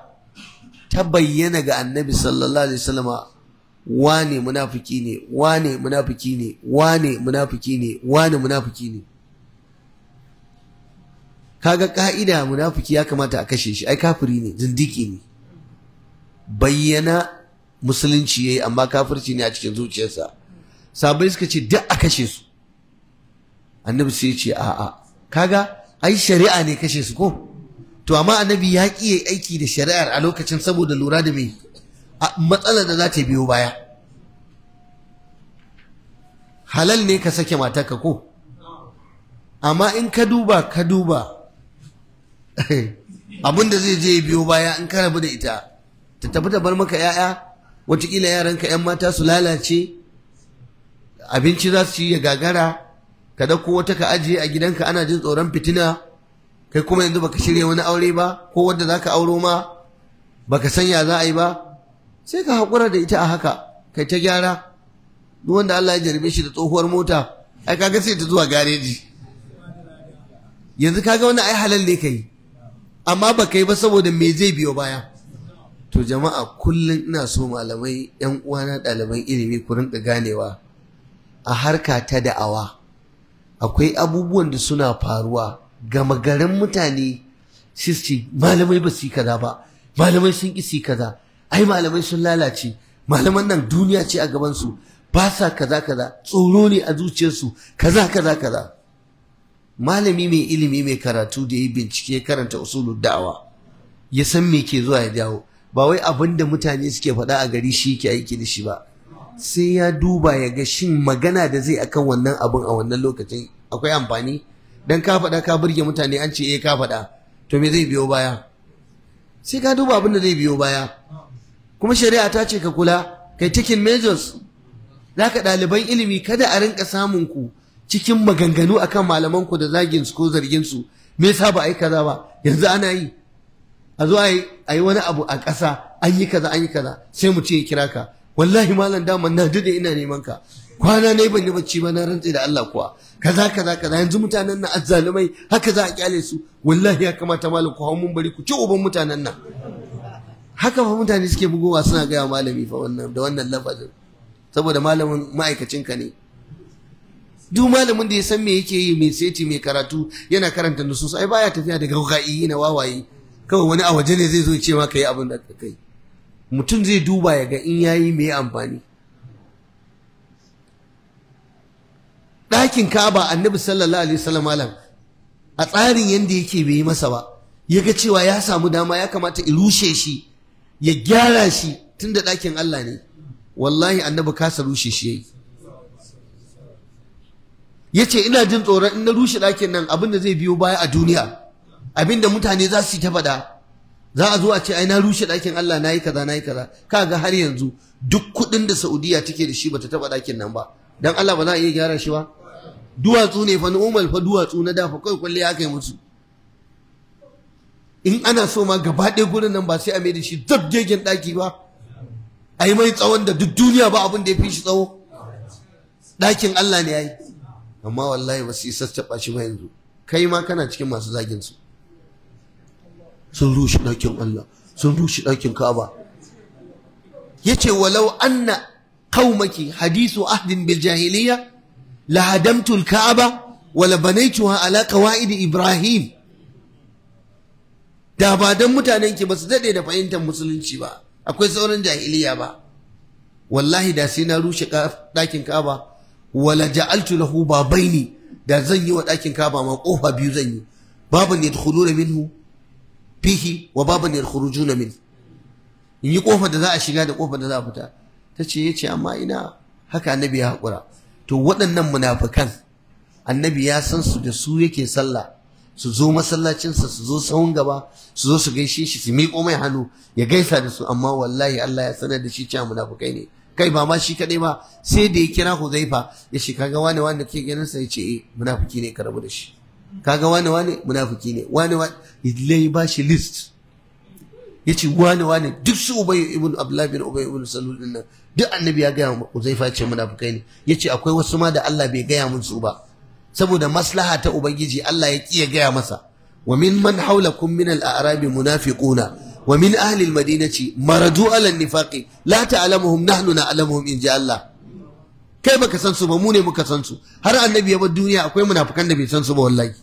ta bayyana ga annabi sallallahu alaihi wasallama wane munafiki ne wane munafiki ne wane munafiki ne wane munafiki ne kaga ka'ida munafiki ya kamata a kashe shi ai kafiri ne zindiki ne bayyana musulunci yayi amma kafirci ne a cikin zuciyarsa sabai suka ce duk a kashe su annabi sai ya ce a'a kaga ai shari'a ne kashe su ko to amma annabi ya ƙi aiki da shari'ar a lokacin saboda lura da mai matsalar da za ta biyo baya halal ne ka sake matarka ko amma in ka duba ka duba abin zai je biyo baya in ka rabu da ita ta tafi ta bar maka 'ya'ya watakila yaranka 'yan mata su lalace abinci za su yi ya gagara ka dauko wata ka ajiye a gidanka ana jin tsoron fitina kai kuma yanzu baka shirya wani aure ba ko wadda za ka auro ma baka sanya za a yi ba sai ka haƙura da ita a haka kai ta gyara duk wanda Allah ya jarabe shi da tsohuwar mota ai kaga sai ta zuwa gareji yanzu kaga wani ai halal ne kai amma ba kai ba saboda me zai biyo baya to jama'a kullum ina so malamai yan uwana ɗaliban ilimi ku rinka ganewa a harka ta da'awa akwai abubuwan da suna faruwa gama garin mutane sisti malamai ba su yi kaza ba malamai sun ƙi su yi kaza ai malamai sun lalace malaman nan duniya ce a gabansu ba sa kaza kaza tsoro ne a zuciyarsu kaza kaza kaza malami mai ilimi mai karatu da ya bincike karanta usulul da'awa ya san me ke zuwa ya dawo ba wai abin da mutane suke faɗa a gari shi ke aiki da shi ba sai ya duba ya ga shin magana da zai akan wannan abin a wannan lokacin akwai amfani dan ka faɗa ka burge mutane an ce eh ka faɗa to me zai biyo baya sai ka duba abin da zai biyo baya kuma shari'a ta ce ka kula kai taking measures zaka ɗaliban ilimi kada a rinka samun ku cikin maganganu akan malaman ku da zagin su ko zargin su me yasa ba a yi kaza ba yanzu ana yi a zo a yi wani abu a ƙasa an yi kaza an yi kaza sai mu ce ya kira ka wallahi malam dama na da ina neman ka kwana ne ban yi bacci ba na rantse da Allah kuwa kaza kaza kaza yanzu mutanen nan azzalumai haka za a kyale su wallahi ya kamata malam ku hau mun bari ku ci uban mutanen nan haka fa mutane suke bugowa suna gaya malami fa wannan da wannan lafazin saboda malamin ma'aikacin ka ne duk malamin da ya san me yake yi mai seti mai karatu yana karanta nusus ai baya tafiya daga ga'i na wawaye kawai wani a waje ne zai zo ce maka yi abin da ka kai mutum zai duba ya ga in yayi me amfani ɗakin kaba Annabi sallallahu alaihi wasallam malam a tsarin yanda yake bai yi masa ba ya ga cewa ya samu dama ya kamata in rushe shi ya gyara shi tun da ɗakin Allah ne wallahi annabi kasa rushe shi yayi ya ce ina jin tsoron in na rushe ɗakin nan abin da zai biyo baya a duniya abin da mutane za su yi ta faɗa za a zo a ce ai na rushe ɗakin Allah na yi kaza na yi kaza kaga har yanzu duk kuɗin da Saudiya take da shi bata taɓa ɗakin nan ba dan Allah ba za a iya gyara shi ba duwatsu ne fa umar fa duwatsu na dafa kai kwalliya ya kai musu in ana so ma gaba ɗaya gurin nan ba sai a mai da shi zabgegen ɗaki ba a yi mai tsawon da duk duniya ba abin da ya fi shi tsawo ɗakin Allah ne ya yi amma wallahi ba su yi sassaɓa shi ba yanzu kai ma kana cikin masu zagin su sun rushe ɗakin Allah sun rushe ɗakin Ka'aba yace walau anna qaumaki hadisu ahdin bil jahiliya la hadamtu al Ka'aba wa la banaytuha ala qawaid Ibrahim da ba don mutanen ki ba su daɗe da fahimtar musulunci ba akwai sauran jahiliya ba wallahi da sai na rushe ɗakin kaba wala ja'altu lahu babaini da zan yi wa ɗakin kaba ma ƙofa biyu zan yi Babu kudu yadkhuluna minhu fihi wa babu kudu yadkhurujuna min in yi ƙofa da za a shiga da kofa da za a fita Ta tace yace amma ina haka annabi ya haƙura to waɗannan munafukan annabi ya san su da su yake sallah su zo masallacinsa su zo sahun gaba su zo su gaishe shi su miƙo mai hannu ya gaisa da su amma wallahi Allah ya sanar da shi cewa munafukai ne kai ba ma shi kaɗai ba sai da ya kira Huzaifa ya shi kaga wani wani ke ganin sa ya ce eh munafiki ne ka rabu da shi kaga wani wani munafiki ne wani wani lai ba shi list ya ce wani wani duk su ubayi ibn abdullahi bin ubayi ibn salul din nan duk annabi ya gaya wa Huzaifa ya ce munafukai ne ya ce akwai wasu ma da Allah bai gaya mun su ba saboda maslaha ta ubangiji Allah ya kiya gaya masa wa min man haulakum min al-a'rabi munafiquna wa min ahli al-madinati maradu ala an-nifaqi la ta'lamuhum nahnu na'lamuhum in ja Allah kai baka san su ba mu ne muka san su har annabi ya bar duniya akwai munafikan da bai san su ba wallahi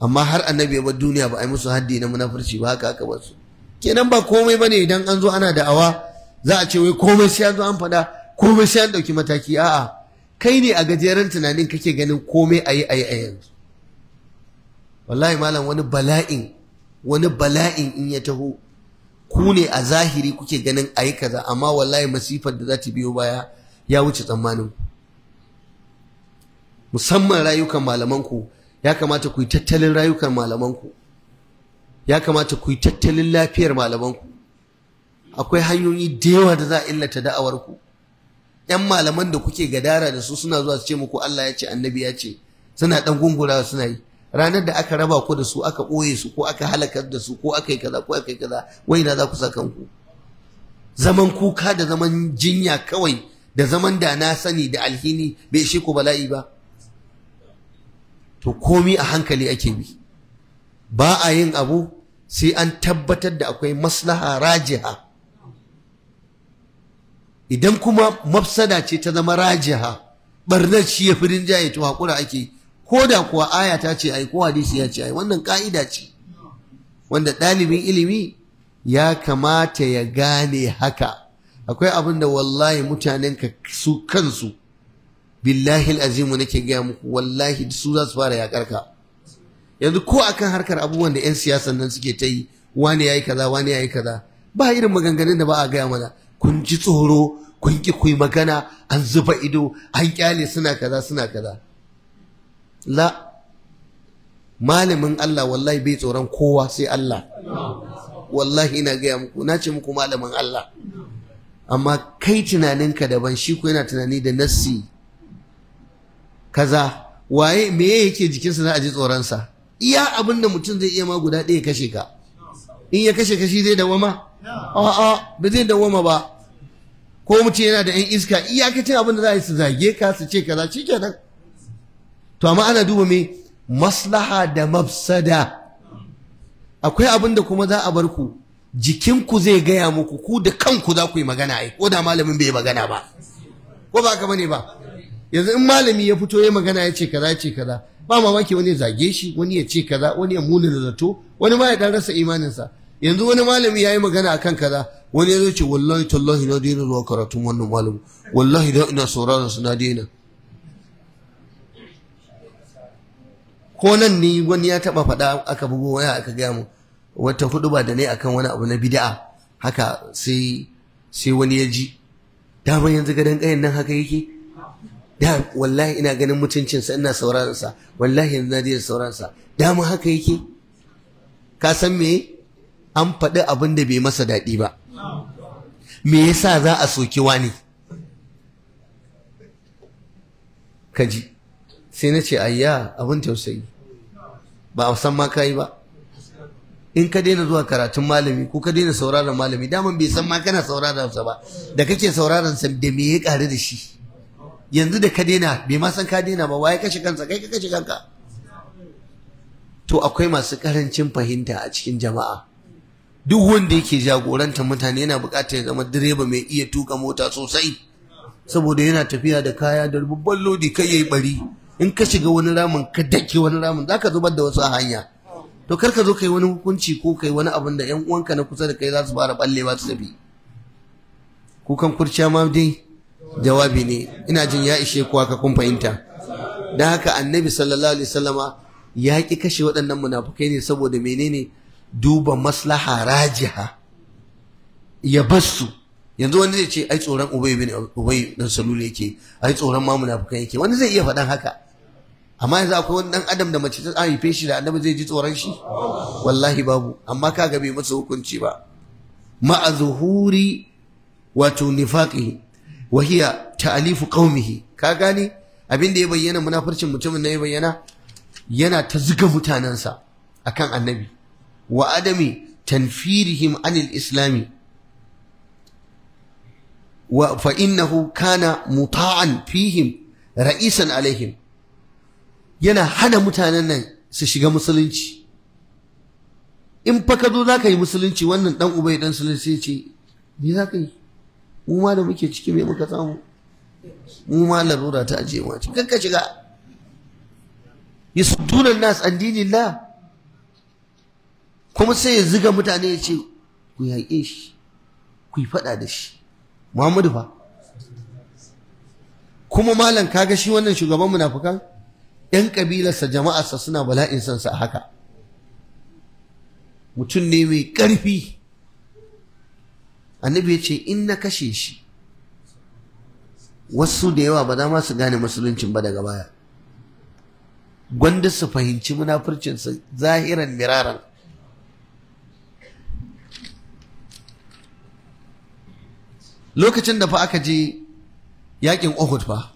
amma har annabi ya bar duniya ba a yi musu haddi na munafurci ba haka aka bar su kenan ba komai bane idan an zo ana da'awa za a ce wai komai sai an zo an faɗa komai sai an ɗauki mataki a'a kai ne a gajeren tunanin kake ganin komai a yi a yi a yanzu wallahi malam wani bala'in wani bala'in in ya taho ku ne a zahiri kuke ganin a yi kaza amma wallahi masifar da za ta biyo baya ya wuce tsammanin musamman rayukan malamanku ya kamata ku yi tattalin rayukan malamanku ya kamata ku yi tattalin lafiyar malamanku akwai hanyoyi da yawa da za a illata da'awarku yan malaman da kuke gadara da su suna zuwa su ce muku Allah ya ce annabi ya ce suna dan gungura suna yi ranar da aka raba ku da su aka ɓoye su ko aka halakar da su ko aka yi kaza ko aka yi kaza wai na za ku sa kanku zaman kuka da zaman jinya kawai da zaman da na sani da alhini bai ishe ku bala'i ba to komi a hankali ake bi ba a yin abu sai an tabbatar da akwai maslaha rajiha idan kuma mafsada ce ta zama rajiha barnar shi ya firin jaye to hakura ake ko da kuwa aya ta ce ai ko hadisi ya ce ai wannan ka'ida ce wanda ɗalibin ilimi ya kamata ya gane haka akwai abin da wallahi mutanen ka su kansu billahi azimu nake gaya muku wallahi su za su fara yakar ka yanzu ko a kan harkar abubuwan da 'yan siyasan nan suke ta yi wani ya yi kaza wani ya yi kaza ba irin maganganun da ba a gaya mana kun ji tsoro kun ki kuyi magana an zuba ido an kyale suna kaza suna kaza la malamin Allah wallahi bai tsoron kowa sai Allah wallahi ina gaya muku na ce muku malamin Allah amma kai tunaninka daban shi ko yana tunani da nassi kaza waye me yake jikinsa za a ji tsoronsa iya abin da mutum zai iya ma guda ɗaya kashe ka in ya kashe kashi zai dawama a'a ba zai dawama ba ko mutum yana da 'yan iska iyakacin abin da za a yi su zage ka su ce kaza nan. to amma ana duba mai maslaha da mafsada akwai abin da kuma za a bar ku jikinku zai gaya muku ku da kanku za ku yi magana ai ko da malamin bai magana ba ko ba ka bane ba yanzu in malami ya fito ya magana ya ce kaza ce kaza ba mamaki wani ya zage shi wani ya ce kaza wani ya muna da zato wani ma ya dan rasa imaninsa yanzu wani malami ya yi magana akan kaza wani ya zai ce wallahi tallahi na daina zuwa karatun wannan malamu wallahi da ina sauraron su na daina ko nan ni wani ya taba faɗa aka bugo waya aka gaya mu wata hudu ba da ne akan wani abu na bid'a haka sai sai wani ya ji dama yanzu gadon kayan nan haka yake da wallahi ina ganin mutuncinsa ina sauraron sa wallahi yanzu na daina sauraron sa dama haka yake ka san me an faɗi abin da bai masa daɗi ba me yasa za a soki wani kaji sai na ce ayya abin tausayi ba a san ma yi ba in ka daina zuwa karatun malami ko ka daina sauraron malami daman bai san ma kana sauraron sa ba da kake sauraron sa da me ya ƙare da shi yanzu da ka daina bai ma san ka daina ba waye kashe kansa kai ka kashe kanka to akwai masu karancin fahimta a cikin jama'a duk wanda yake jagoranta mutane yana bukatar ya zama direba mai iya tuka mota sosai saboda yana tafiya da kaya da babban lodi kai yayi bari in ka shiga wani ramin ka dake wani ramin zaka zubar da wasu a hanya to kar ka zo kai wani hukunci ko kai wani abin da 'yan uwanka na kusa da kai za su fara ballewa su tafi kukan kurciya ma dai jawabi ne ina jin ya ishe kuwa ka kun fahimta dan haka annabi sallallahu alaihi wasallama ya ki kashe waɗannan munafukai ne saboda menene duba maslaha rajiha ya basu yanzu wani zai ce ai tsoron ubay bin dan salulu yake ai tsoron ma yake wani zai iya faɗan haka amma yanzu akwai wani dan adam da mace ta haife shi da annabi zai ji tsoron shi wallahi babu amma kaga bai masa hukunci ba Ma'azuhuri wato nifaqihi wa hiya ta'alifu qaumihi ka gane abin da ya bayyana munafarcin mutumin na ya bayyana yana ta zuga mutanensa akan annabi wa adami tanfirihim anil islami wa fa innahu kana muta'an fihim ra'isan alaihim yana hana mutanen su shiga musulunci in fa ka zo za ka yi musulunci wannan dan ubai dan sai ce me za ka yi mu ma da muke ciki me muka samu mu ma larura ta aje ma ce shiga yasudduna nas an dinillah kuma sai ya ziga mutane ya ce ku yaƙe shi ku yi faɗa da shi Muhammadu fa kuma malam kaga shi wannan shugaban munafukan yan ƙabilarsa jama'arsa suna bala'in son sa haka mutum ne mai ƙarfi annabi ya ce in na kashe shi wasu da yawa ba za ma su gane musuluncin ba daga baya gwanda su fahimci munafurcinsa zahiran miraran lokacin da fa aka je yakin Uhud fa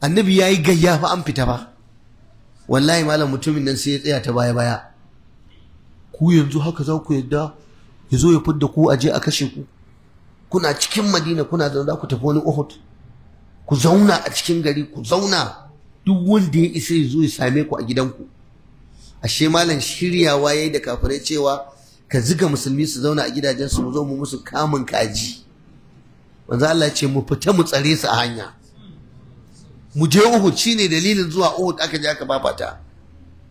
annabi yi gayya fa an fita fa wallahi malam mutumin nan sai ya tsaya ta baya baya ku yanzu haka za ku yadda ya zo ya fidda ku aje a kashe ku kuna cikin Madina kuna zaune za ku tafi wani Uhud ku zauna a cikin gari ku zauna duk wanda ya isa ya zo ya same ku a gidanku ashe malam shiryawa yayi da kafirai cewa ka ziga musulmi su zauna a gidajensu mu zo mu musu kamun kaji manzo Allah ce mu fita mu tsare su a hanya mu je shi shine dalilin zuwa da aka je aka babata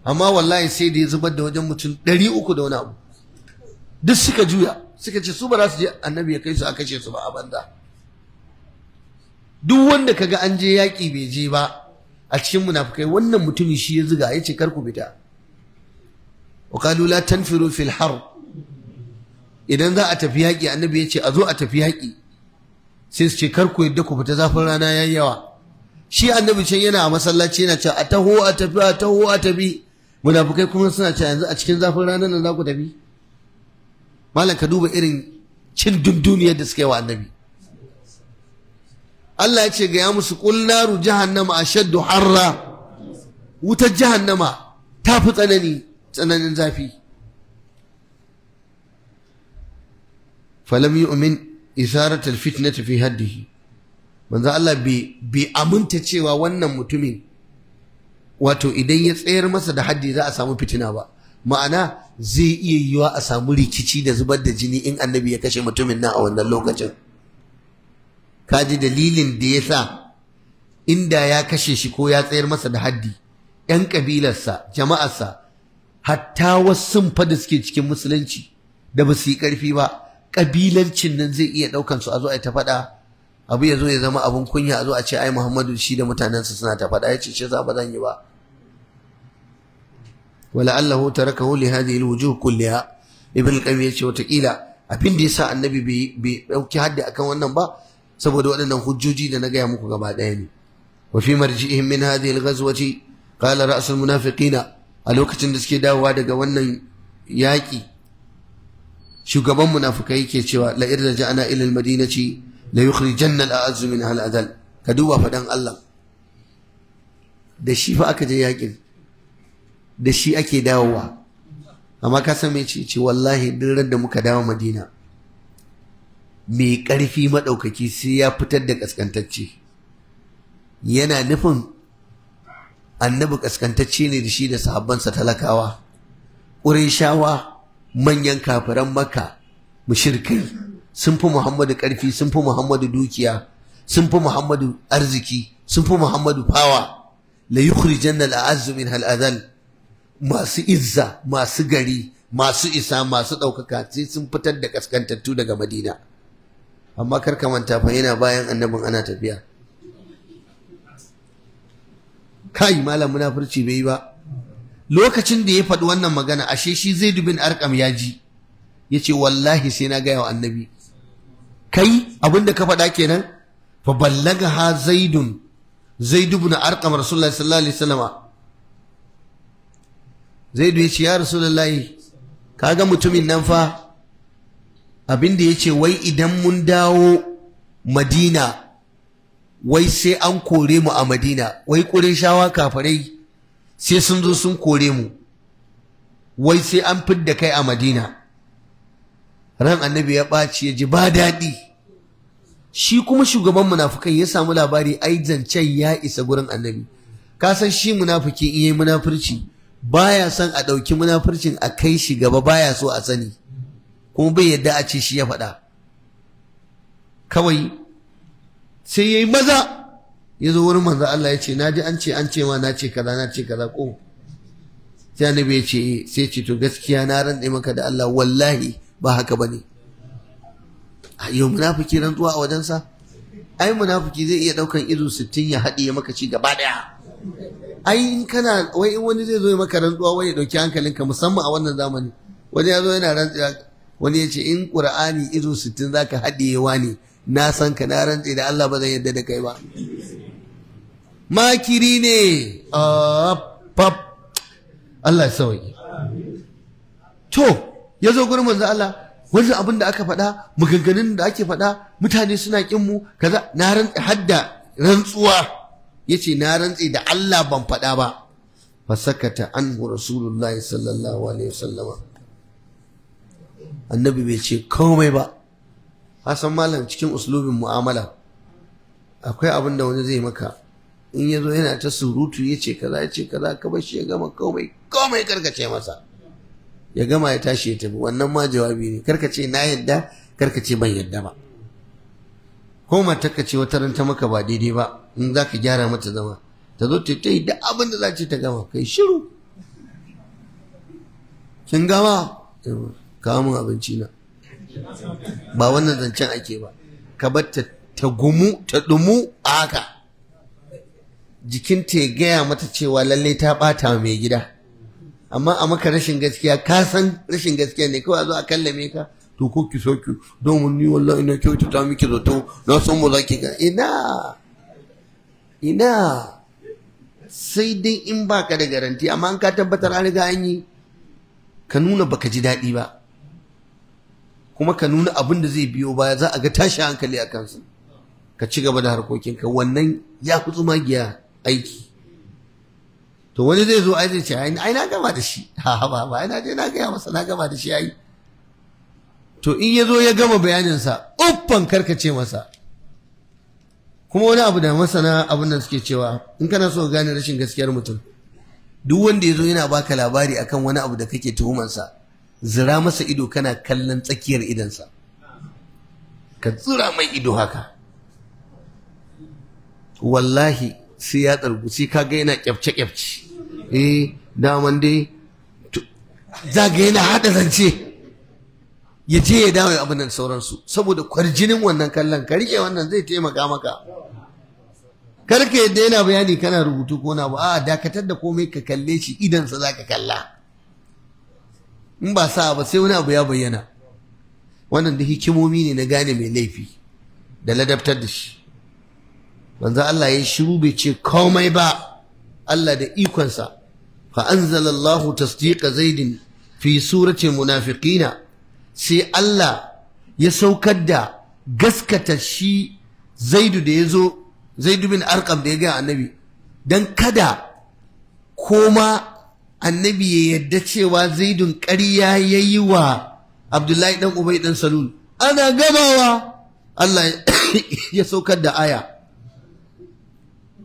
amma wallahi sai da ya zubar da wajen mutum ɗari uku da wani abu duk suka juya suka ce su ba za su je annabi ya kai su aka ce su ba a banza duk wanda kaga an je yaƙi bai je ba a cikin munafukai wannan mutumin shi ya zuga ya ce kar ku fita wa qalu la tanfiru fil har idan za a tafi yaƙi annabi ya ce a zo a tafi yaƙi sai su ce kar ku yadda ku fita zafin rana yayi yawa shi annabi can yana a masallaci yana cewa a taho a tafi a taho a tafi munafukai kuma suna cewa yanzu a cikin zafin ranar nan za ku tafi malam ka duba irin cin dunduniyar da suka yi wa annabi Allah ya ce ga ya musu qul naru jahannama ashaddu harra wutar jahannama ta fi tsanani tsananin zafi falam yu'min isarat na fi haddihi manzo Allah bai aminta cewa wannan mutumin wato idan ya tsayar masa da haddi za a samu fitina ba ma'ana zai iya yiwa a samu rikici da zubar da jini in annabi ya kashe mutumin na a wannan lokacin kaji dalilin da ya sa inda ya kashe shi ko ya tsayar masa da haddi yan kabilarsa jama'arsa hatta wasu sun fada suke cikin musulunci da ba su yi ƙarfi ba kabilancin nan zai iya ɗaukan su a zo a ta faɗa abu ya zo ya zama abun kunya a zo a ce ai Muhammadu shi da mutanansa suna ta faɗa ya ce shi za ba zan yi ba wala allahu tarakahu li hadhihi alwujuh kulliha ibn al-qayyim ya ce wata kila abin da yasa annabi bai dauki haddi akan wannan ba saboda waɗannan hujjoji da na gaya muku gaba ɗaya ne wa fi marji'ihim min hadhihi al-ghazwati qala ra's munafiqina a lokacin da suke dawowa daga wannan yaƙi shugaban munafukai yake cewa la irda ja'ana ila almadinati la yukhrijanna al'az min al-adal ka duba fadan Allah da shi fa aka je yakin da shi ake dawowa amma ka san me ce wallahi duk da muka dawo Madina mai karfi maɗaukaki sai ya fitar da kaskantacce yana nufin annabi ƙaskantacce ne da shi da sahabbansa talakawa ƙurin shawa manyan kafiran maka mushirkai sun fi muhammadu ƙarfi sun fi muhammadu dukiya sun fi muhammadu arziki sun fi muhammadu fawa la yukhrijanna al'azzu min al'adal masu izza masu gari masu isa masu ɗaukaka sai sun fitar da kaskantattu daga madina amma kar ka manta fa yana bayan annabin ana tafiya kai malam munafurci bai yi ba lokacin da ya faɗi wannan magana ashe shi zai dubin arkam ya ji ya ce wallahi sai na gaya wa annabi kai abinda ka faɗa kenan fa ballaga ha zaidun zaidu bin arkam rasulullah sallallahu alaihi wasallam zaidu ya ce ya rasulullahi kaga mutumin nan fa Abinda da ya ce wai idan mun dawo madina wai sai an kore mu a madina wai kurin shawa kafarai sai sun zo sun kore mu wai sai an fidda kai a madina ran annabi ya ɓaci ya ji ba daɗi shi kuma shugaban munafukan ya samu labari ai zancen ya isa gurin annabi ka san shi munafuki in yi munafurci baya son a ɗauki munafurcin a kai shi gaba baya so a sani kuma bai yadda a ce shi ya faɗa kawai sai ya yi maza ya zo wurin manzo Allah ya ce na ji an ce an ce ma na ce kaza na ce kaza ko sai annabi ya ce eh, sai ce to gaskiya na rantsa maka da Allah wallahi ba haka bane a yau munafiki rantsuwa a wajensa ai munafiki zai iya daukan izu 60 ya haɗiye maka ci gaba daya ai in kana wai in wani zai zo ya maka rantsuwa wai ya dauki hankalinka musamman a wannan zamani wani ya zo yana rantsuwa wani ya ce in qur'ani izu 60 zaka haɗiyewa ne na san ka na rantse da Allah ba zan yarda da kai ba makiri ne Allah ya sauki to ya zo gurin manzo Allah wannan abin da aka faɗa maganganun da ake faɗa mutane suna kin mu kaza na rantsa hadda rantsuwa yace na rantse da Allah ban faɗa ba fasakata anhu rasulullahi sallallahu alaihi wasallam annabi bai ce komai ba hasan malam cikin uslubin mu'amala akwai abin da wani zai maka in ya zo yana ta surutu ya ce kaza ya ce kaza ka bar shi ya gama komai komai karkace masa ya gama ya tashi ya tafi wannan ma jawabi ne karkace na yadda karkace ban yadda ba ko ka ce wata ranta maka ba daidai ba in za ka gyara mata zama ta zo ta yi duk abin da za ce ta gama kai shiru kin gama kawo min abinci na ba wannan zancen ake ba ka bar ta gumu ta dumu a haka jikinta ya gaya mata cewa lalle ta ɓata mai gida amma a maka rashin gaskiya ka san rashin gaskiya ne kawai zo a kallame ka to ko ki so ki domin ni wallahi ina kyauta ta miki zato na san mu zaki ga ina ina sai dai in baka da garanti amma an ka tabbatar an riga an yi ka nuna baka ji daɗi ba kuma ka nuna abin da zai biyo baya za a ga tashi hankali a kansu ka ci gaba da harkokinka wannan ya fi magiya. aiki to wani zai zo ai zai ce ai na gama da shi ha ba ba ai na je na gaya masa na gama da shi ai to in ya zo ya gama bayaninsa uffan karkace masa kuma wani abu da masana abin da suke cewa in kana so gane rashin gaskiyar mutum duk wanda ya zo yana baka labari akan wani abu da kake tuhumansa zira masa ido kana kallon tsakiyar idansa ka tsira mai ido haka wallahi sai ya tsargu sai ga yana kyafce kyafce eh daman dai za ga yana hada zance ya je ya dawo abin nan sauransu saboda kwarjinin wannan kallon ka rike wannan zai taimaka maka karka yadda yana bayani kana rubutu ko na ba a dakatar da komai ka kalle shi idan sa zaka kalla in ba sa ba sai wani abu ya bayyana wannan da hikimomi ne na gane mai laifi da ladabtar da shi manzo Allah ya shiru bai ce komai ba Allah da ikonsa fa anzalallahu tasdiƙa zaidin fi surati munafiqina sai Allah ya saukar da gaskata shi zaidu da ya zo zaidu bin arkam da ya gaya annabi don kada koma annabi ya yadda cewa zaidun ƙarya ya yi wa abdullahi ɗan ubai ɗan salul ana gabawa Allah ya saukar da aya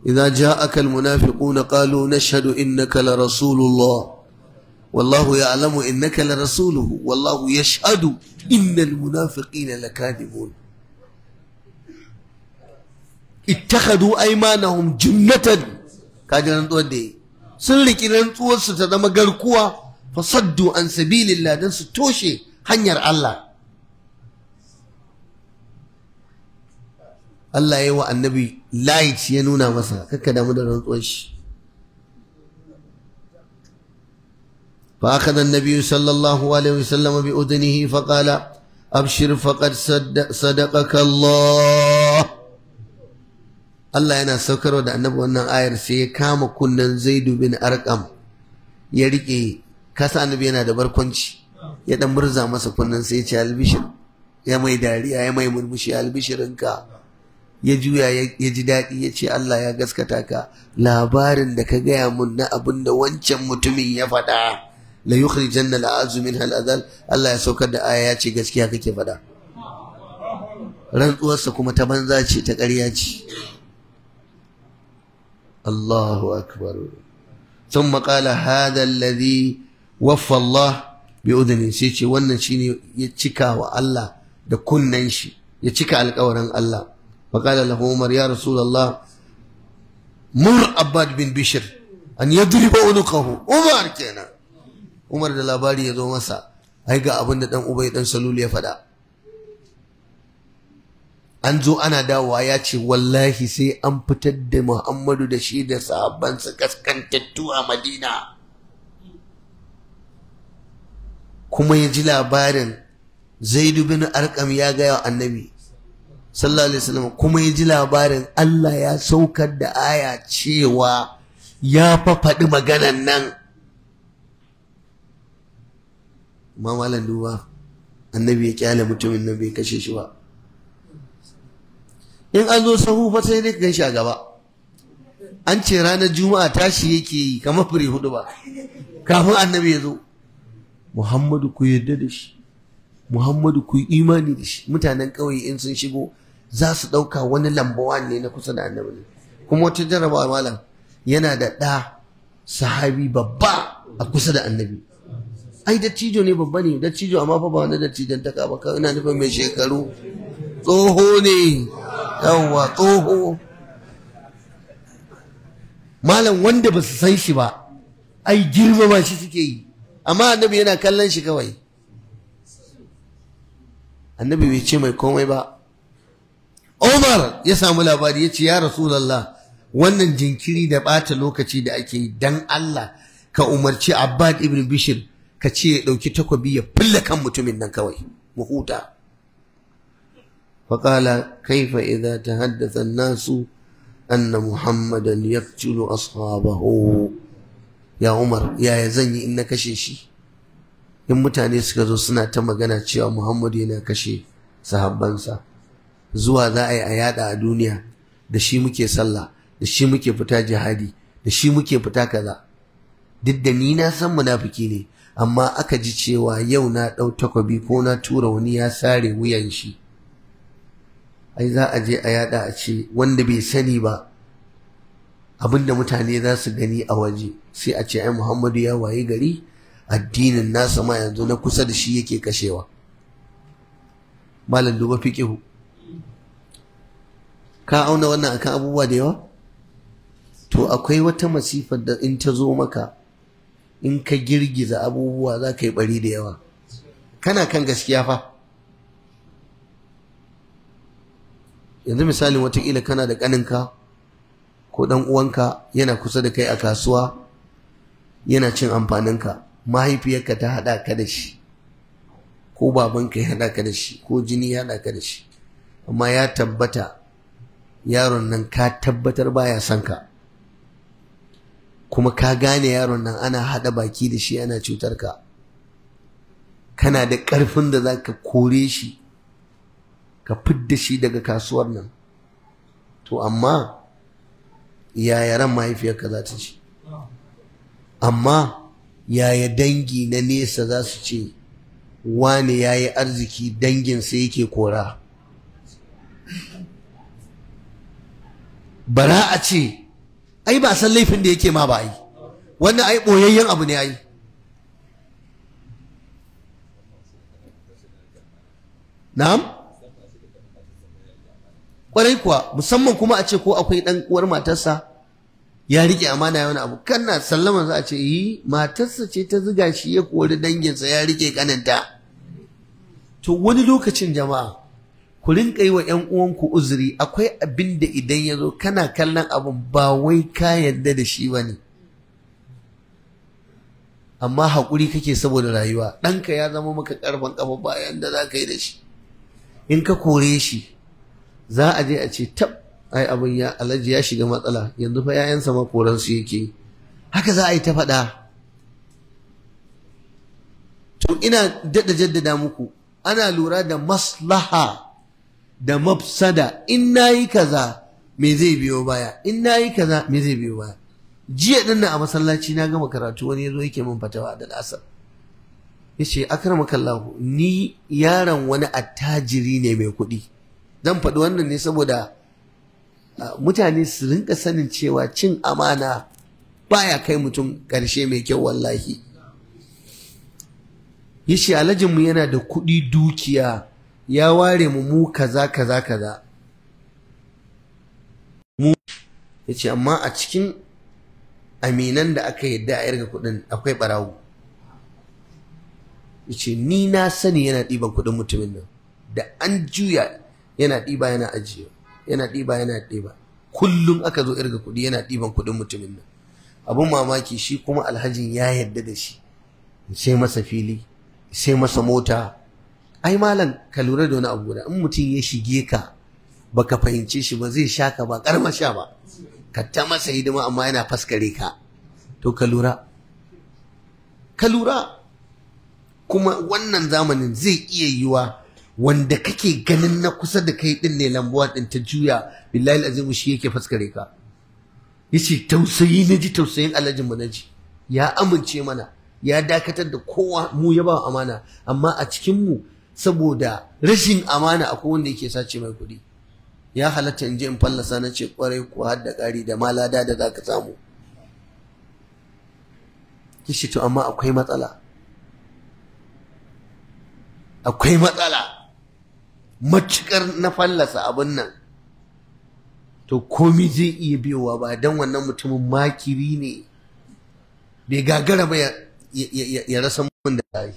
إذا جاءك المنافقون قالوا نشهد إنك لرسول الله والله يعلم إنك لرسوله والله يشهد إن المنافقين لكاذبون اتخذوا أيمانهم جنة كاجران تودي سنلك إن توسط دم قرقوا فصدوا عن سبيل الله دنس توشي هنير الله Allah ya yi wa annabi light ya nuna masa kakka damu da rantsuwar shi فأخذ النبي صلى الله عليه وسلم بأذنه فقال أبشر فقد صدق صدقك الله الله yana saukarwa da annabi wannan ayar sai ya kama kunnen Zaidu bin Arqam ya rike kasa annabi yana da barkwanci ya dan masa kunnen sai ya ce albishir ya mai dariya ya mai murmushi albishirinka ya juya ya ji daɗi ya ce Allah ya gaskata ka labarin da ka gaya mun na abin da wancan mutumin ya faɗa la yukhrijanna al'azu min al'adal Allah ya saukar da aya ya ce gaskiya kake faɗa rantsuwarsa kuma ta banza ce ta ƙarya ce Allahu akbar ثم قال هذا الذي وفى sai ce wannan shine ya cika wa Allah da kunnen shi ya cika alƙawarin Allah فقال له عمر يا رسول الله مر عباد بن بشر ان يضرب عنقه عمر كينا عمر ده لاباري يزو مسا ai ga abinda dan ubai dan salul ya faɗa an zo ana dawowa ya ce wallahi sai an fitar da muhammadu da shi da sahabbansa kaskantattu a madina kuma ya ji labarin zaidu bin arkam ya gaya wa annabi sallallahu alaihi kuma ya ji labarin Allah ya saukar da aya cewa ya faɗi maganan nan mamalan duba annabi ya kyale mutumin nan bai kashe shi ba in an zo sahu fa sai dai gan shi a gaba an ce ranar juma'a tashi yake yi kamar fure hudu ba kafin annabi ya zo muhammadu ku yarda da shi muhammadu ku imani da shi mutanen ƙauye in sun shigo za su ɗauka wani lambawa ne na kusa da annabi ne kuma wata jarabawa malam yana da ɗa sahabi babba a kusa da annabi ai dattijo ne babba ne dattijo amma fa ba wani cijon ta ba ka ina nufin mai shekaru tsoho ne yawwa tsoho malam wanda ba su san shi ba ai girmama shi suke yi amma annabi yana kallon shi kawai annabi bai ce mai komai ba Umar ya samu labari ya ce ya Rasulallah wannan jinkiri da ɓata lokaci da ake yi dan Allah ka umarci Abbad ibn Bishir ka ce ya ɗauki takwabi ya fulla kan mutumin nan kawai mu huta. Faƙala kaifa idza tahaddatha an-nasu anna Muhammadan yaqtulu ashabahu ya Umar yaya zan yi in na kashe shi in mutane suka zo suna ta magana cewa Muhammadu yana kashe sahabbansa zuwa za a yi a yada a duniya da shi muke sallah da shi muke fita jihadi da shi muke fita kaza duk da ni na san munafiki ne amma aka ji cewa yau na ɗau takobi ko na tura wani ya sare wuyan shi ai za a je a yada a ce wanda bai sani ba abinda mutane za su gani a waje sai a ce ai Muhammadu ya waye gari addinin nasa ma yanzu na kusa da shi yake kashewa malam duba fiqihu ka auna wannan akan abubuwa da yawa to akwai wata masifar da in ta zo maka in ka girgiza abubuwa za ka yi bari da yawa kana kan gaskiya fa yanzu misalin watakila kana da ƙaninka ko dan uwanka yana kusa da kai a kasuwa yana cin amfaninka mahaifiyarka ta haɗa ka da shi ko babanka ya haɗa ka da shi ko jini ya haɗa ka da shi amma ya tabbata yaron nan ka tabbatar baya son ka kuma ka gane yaron nan ana haɗa baki da shi ana cutar ka kana da ƙarfin da za ka kore shi ka fidda shi daga kasuwar nan to amma yaya ran mahaifiyarka za ta ce amma yaya dangi na nesa za su ce wane ya yi arziki sai yake kora bara a ce ai ba san laifin da yake ma ba yi wannan ai boyayyen abu ne ai na'am kwarai kuwa musamman kuma a ce ko akwai dan uwar matarsa ya rike amana ya wani abu kana sallama za a ce yi matarsa ce ta ziga shi ya kori danginsa ya rike kananta to wani lokacin jama'a ku rinka yi wa ‘yan uwanku uzuri akwai abin da idan ya zo kana kallon abin ba wai ka yarda da shi ba ne amma haƙuri kake saboda rayuwa ɗanka ya zama maka ƙarfin ƙafa bayan da za ka yi da shi in ka kore shi za a je a ce tab ai abin ya alaji ya shiga matsala yanzu fa 'ya'yansa ma su yake haka za a yi ta faɗa to ina daɗa jaddada muku ana lura da maslaha da mafsada in na nayi kaza me zai biyo baya in na yi kaza me zai biyo baya jiya din a masallaci na gama karatu wani ya zo yake min fatawa da a yace akramakallahu ni yaron wani attajiri ne mai kuɗi zan faɗi wannan ne saboda mutane su rinka sanin cewa cin amana baya kai mutum ƙarshe mai kyau wallahi Ya ce alhajinmu yana da kuɗi dukiya ya ware mu mu kaza kaza kaza mu yace amma a cikin aminan da aka yadda a yarga kuɗin akwai barawo yace ni na sani yana ɗiban kuɗin mutumin nan da an juya yana ɗiba yana ajiye yana ɗiba yana ɗiba kullum aka zo irga kuɗi yana ɗiban kuɗin mutumin nan abun mamaki shi kuma alhajin ya yadda da shi sai masa fili sai masa mota ai malam ka lura da wani abu da in mutum ya shige ka baka fahimce shi ba zai sha ka ba karma sha ba ka ta masa hidima amma yana faskare ka to ka lura ka lura kuma wannan zamanin zai iya yiwa wanda kake ganin na kusa da kai din ne lambuwa din ta juya billahi azimu shi yake faskare ka yace tausayi na ji tausayin alhaji mu na ji ya amince mana ya dakatar da kowa mu ya ba amana amma a cikin mu saboda rashin amana a wanda yake sace mai kuɗi ya halatta in je in fallasa na ce kwarai ko har da ƙari da malada da za ka samu Kishi to amma akwai matsala akwai matsala matukar na fallasa abin nan to komi zai iya biyowa ba don wannan mutumin makiri ne bai gagara ba ya rasa mun da yi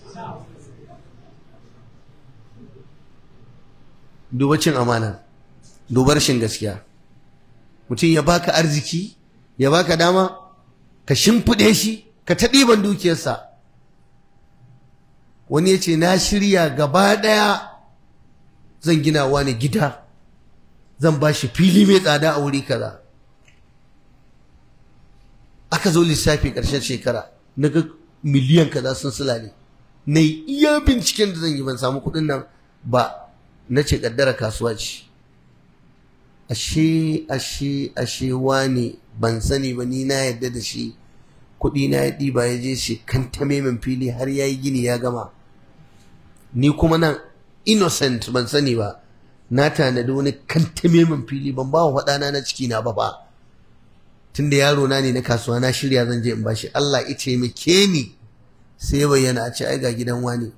duba cin amana duba rashin gaskiya mutum ya baka arziki ya baka dama ka shimfiɗe shi ka ta ɗiban dukiyarsa wani ya ce na shirya gaba ɗaya zan gina wani gida zan ba shi fili mai tsada a wuri kaza aka zo lissafi ƙarshen shekara na ga miliyan kaza sun sula ne na iya binciken da zan yi ban samu kuɗin nan ba na ce kaddara kasuwa ce ashe ashe ashe wani ban sani ba ni na yadda da shi kuɗi na yadda ba ya je shi kan ta min fili har ya yi gini ya gama ni kuma nan innocent ban sani ba na tanadi wani kan ta min fili ban ba wa faɗana na ciki na ba ba tunda yaro na ne na kasuwa na shirya zan je in bashi Allah ice ya ke ni sai bayyana a ce ai ga gidan wani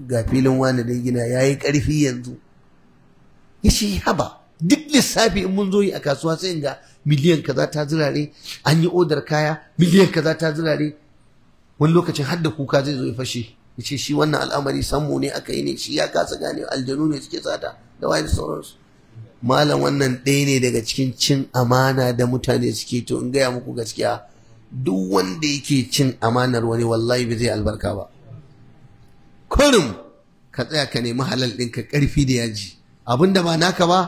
ga filin wani da gina ya yi karfi yanzu ya ce haba duk lissafi in mun zo yi a kasuwa sai ga miliyan kaza ta zirare an yi odar kaya miliyan kaza ta zirare wani lokacin har da kuka zai zo ya fashe ya shi wannan al'amari sammu ne aka yi ne shi ya kasa gane aljanu ne suke sata da wani sauransu malam wannan ɗaya ne daga cikin cin amana da mutane suke to in gaya muku gaskiya duk wanda yake cin amanar wani wallahi ba zai albarka ba kurum ka tsaya ka nemi halal ɗin ka ƙarfi da yaji abin da ba naka ba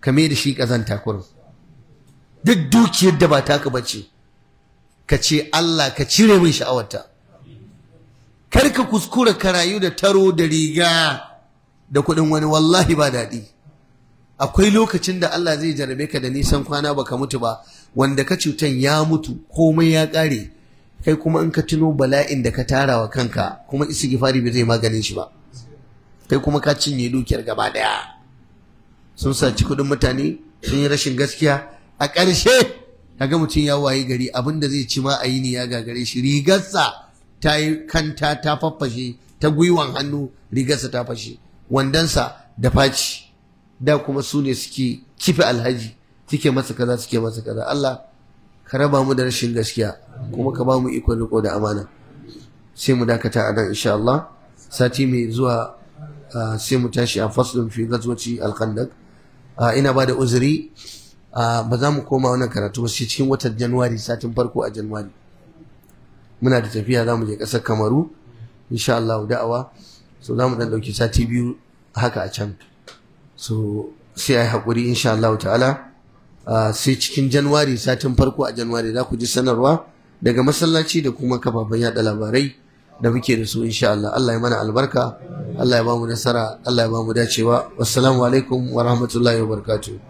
ka mai da shi ƙazanta kurum duk dukiyar da ba taka bace ka ce Allah ka cire min sha'awarta kar ka kuskura ka rayu da taro da riga da kuɗin wani wallahi ba daɗi akwai lokacin da Allah zai jarabe ka da nisan kwana ba ka mutu ba wanda ka cutan ya mutu komai ya ƙare kai kuma in ka tuno bala'in da ka tara wa kanka kuma istighfari bai zai maganin shi ba kai kuma ka cinye dukiyar gaba daya sun saci kudin mutane sun yi rashin gaskiya a ƙarshe ga mutum ya waye gari abin da zai ci ma a yi ni ya gagare shi rigarsa ta yi kanta ta faffashe ta gwiwan hannu rigarsa ta fashe wandonsa da faci da kuma su ne suke kife alhaji suke masa kaza suke masa kaza Allah ka raba mu da rashin gaskiya kuma ka ba mu ikon riko da amana sai mu dakata a nan insha Allah sati mai zuwa sai mu tashi a faslin fi gazoci alkandak ina ba da uzuri ba za mu koma wannan karatu sai cikin watan januwari satin farko a januwari muna da tafiya za mu je ƙasar kamaru insha Allah da'awa so za mu dan ɗauki sati biyu haka a can so sai a yi haƙuri insha Allah ta'ala Ah, sai cikin Januwari satin farko a Januwari za ku ji sanarwa daga masallaci da kuma kafafen yada labarai da muke da su insha Allah Allah ya mana albarka Allah ya ba mu nasara Allah ya ba mu dacewa assalamu alaikum wa rahmatullahi wa barakatuh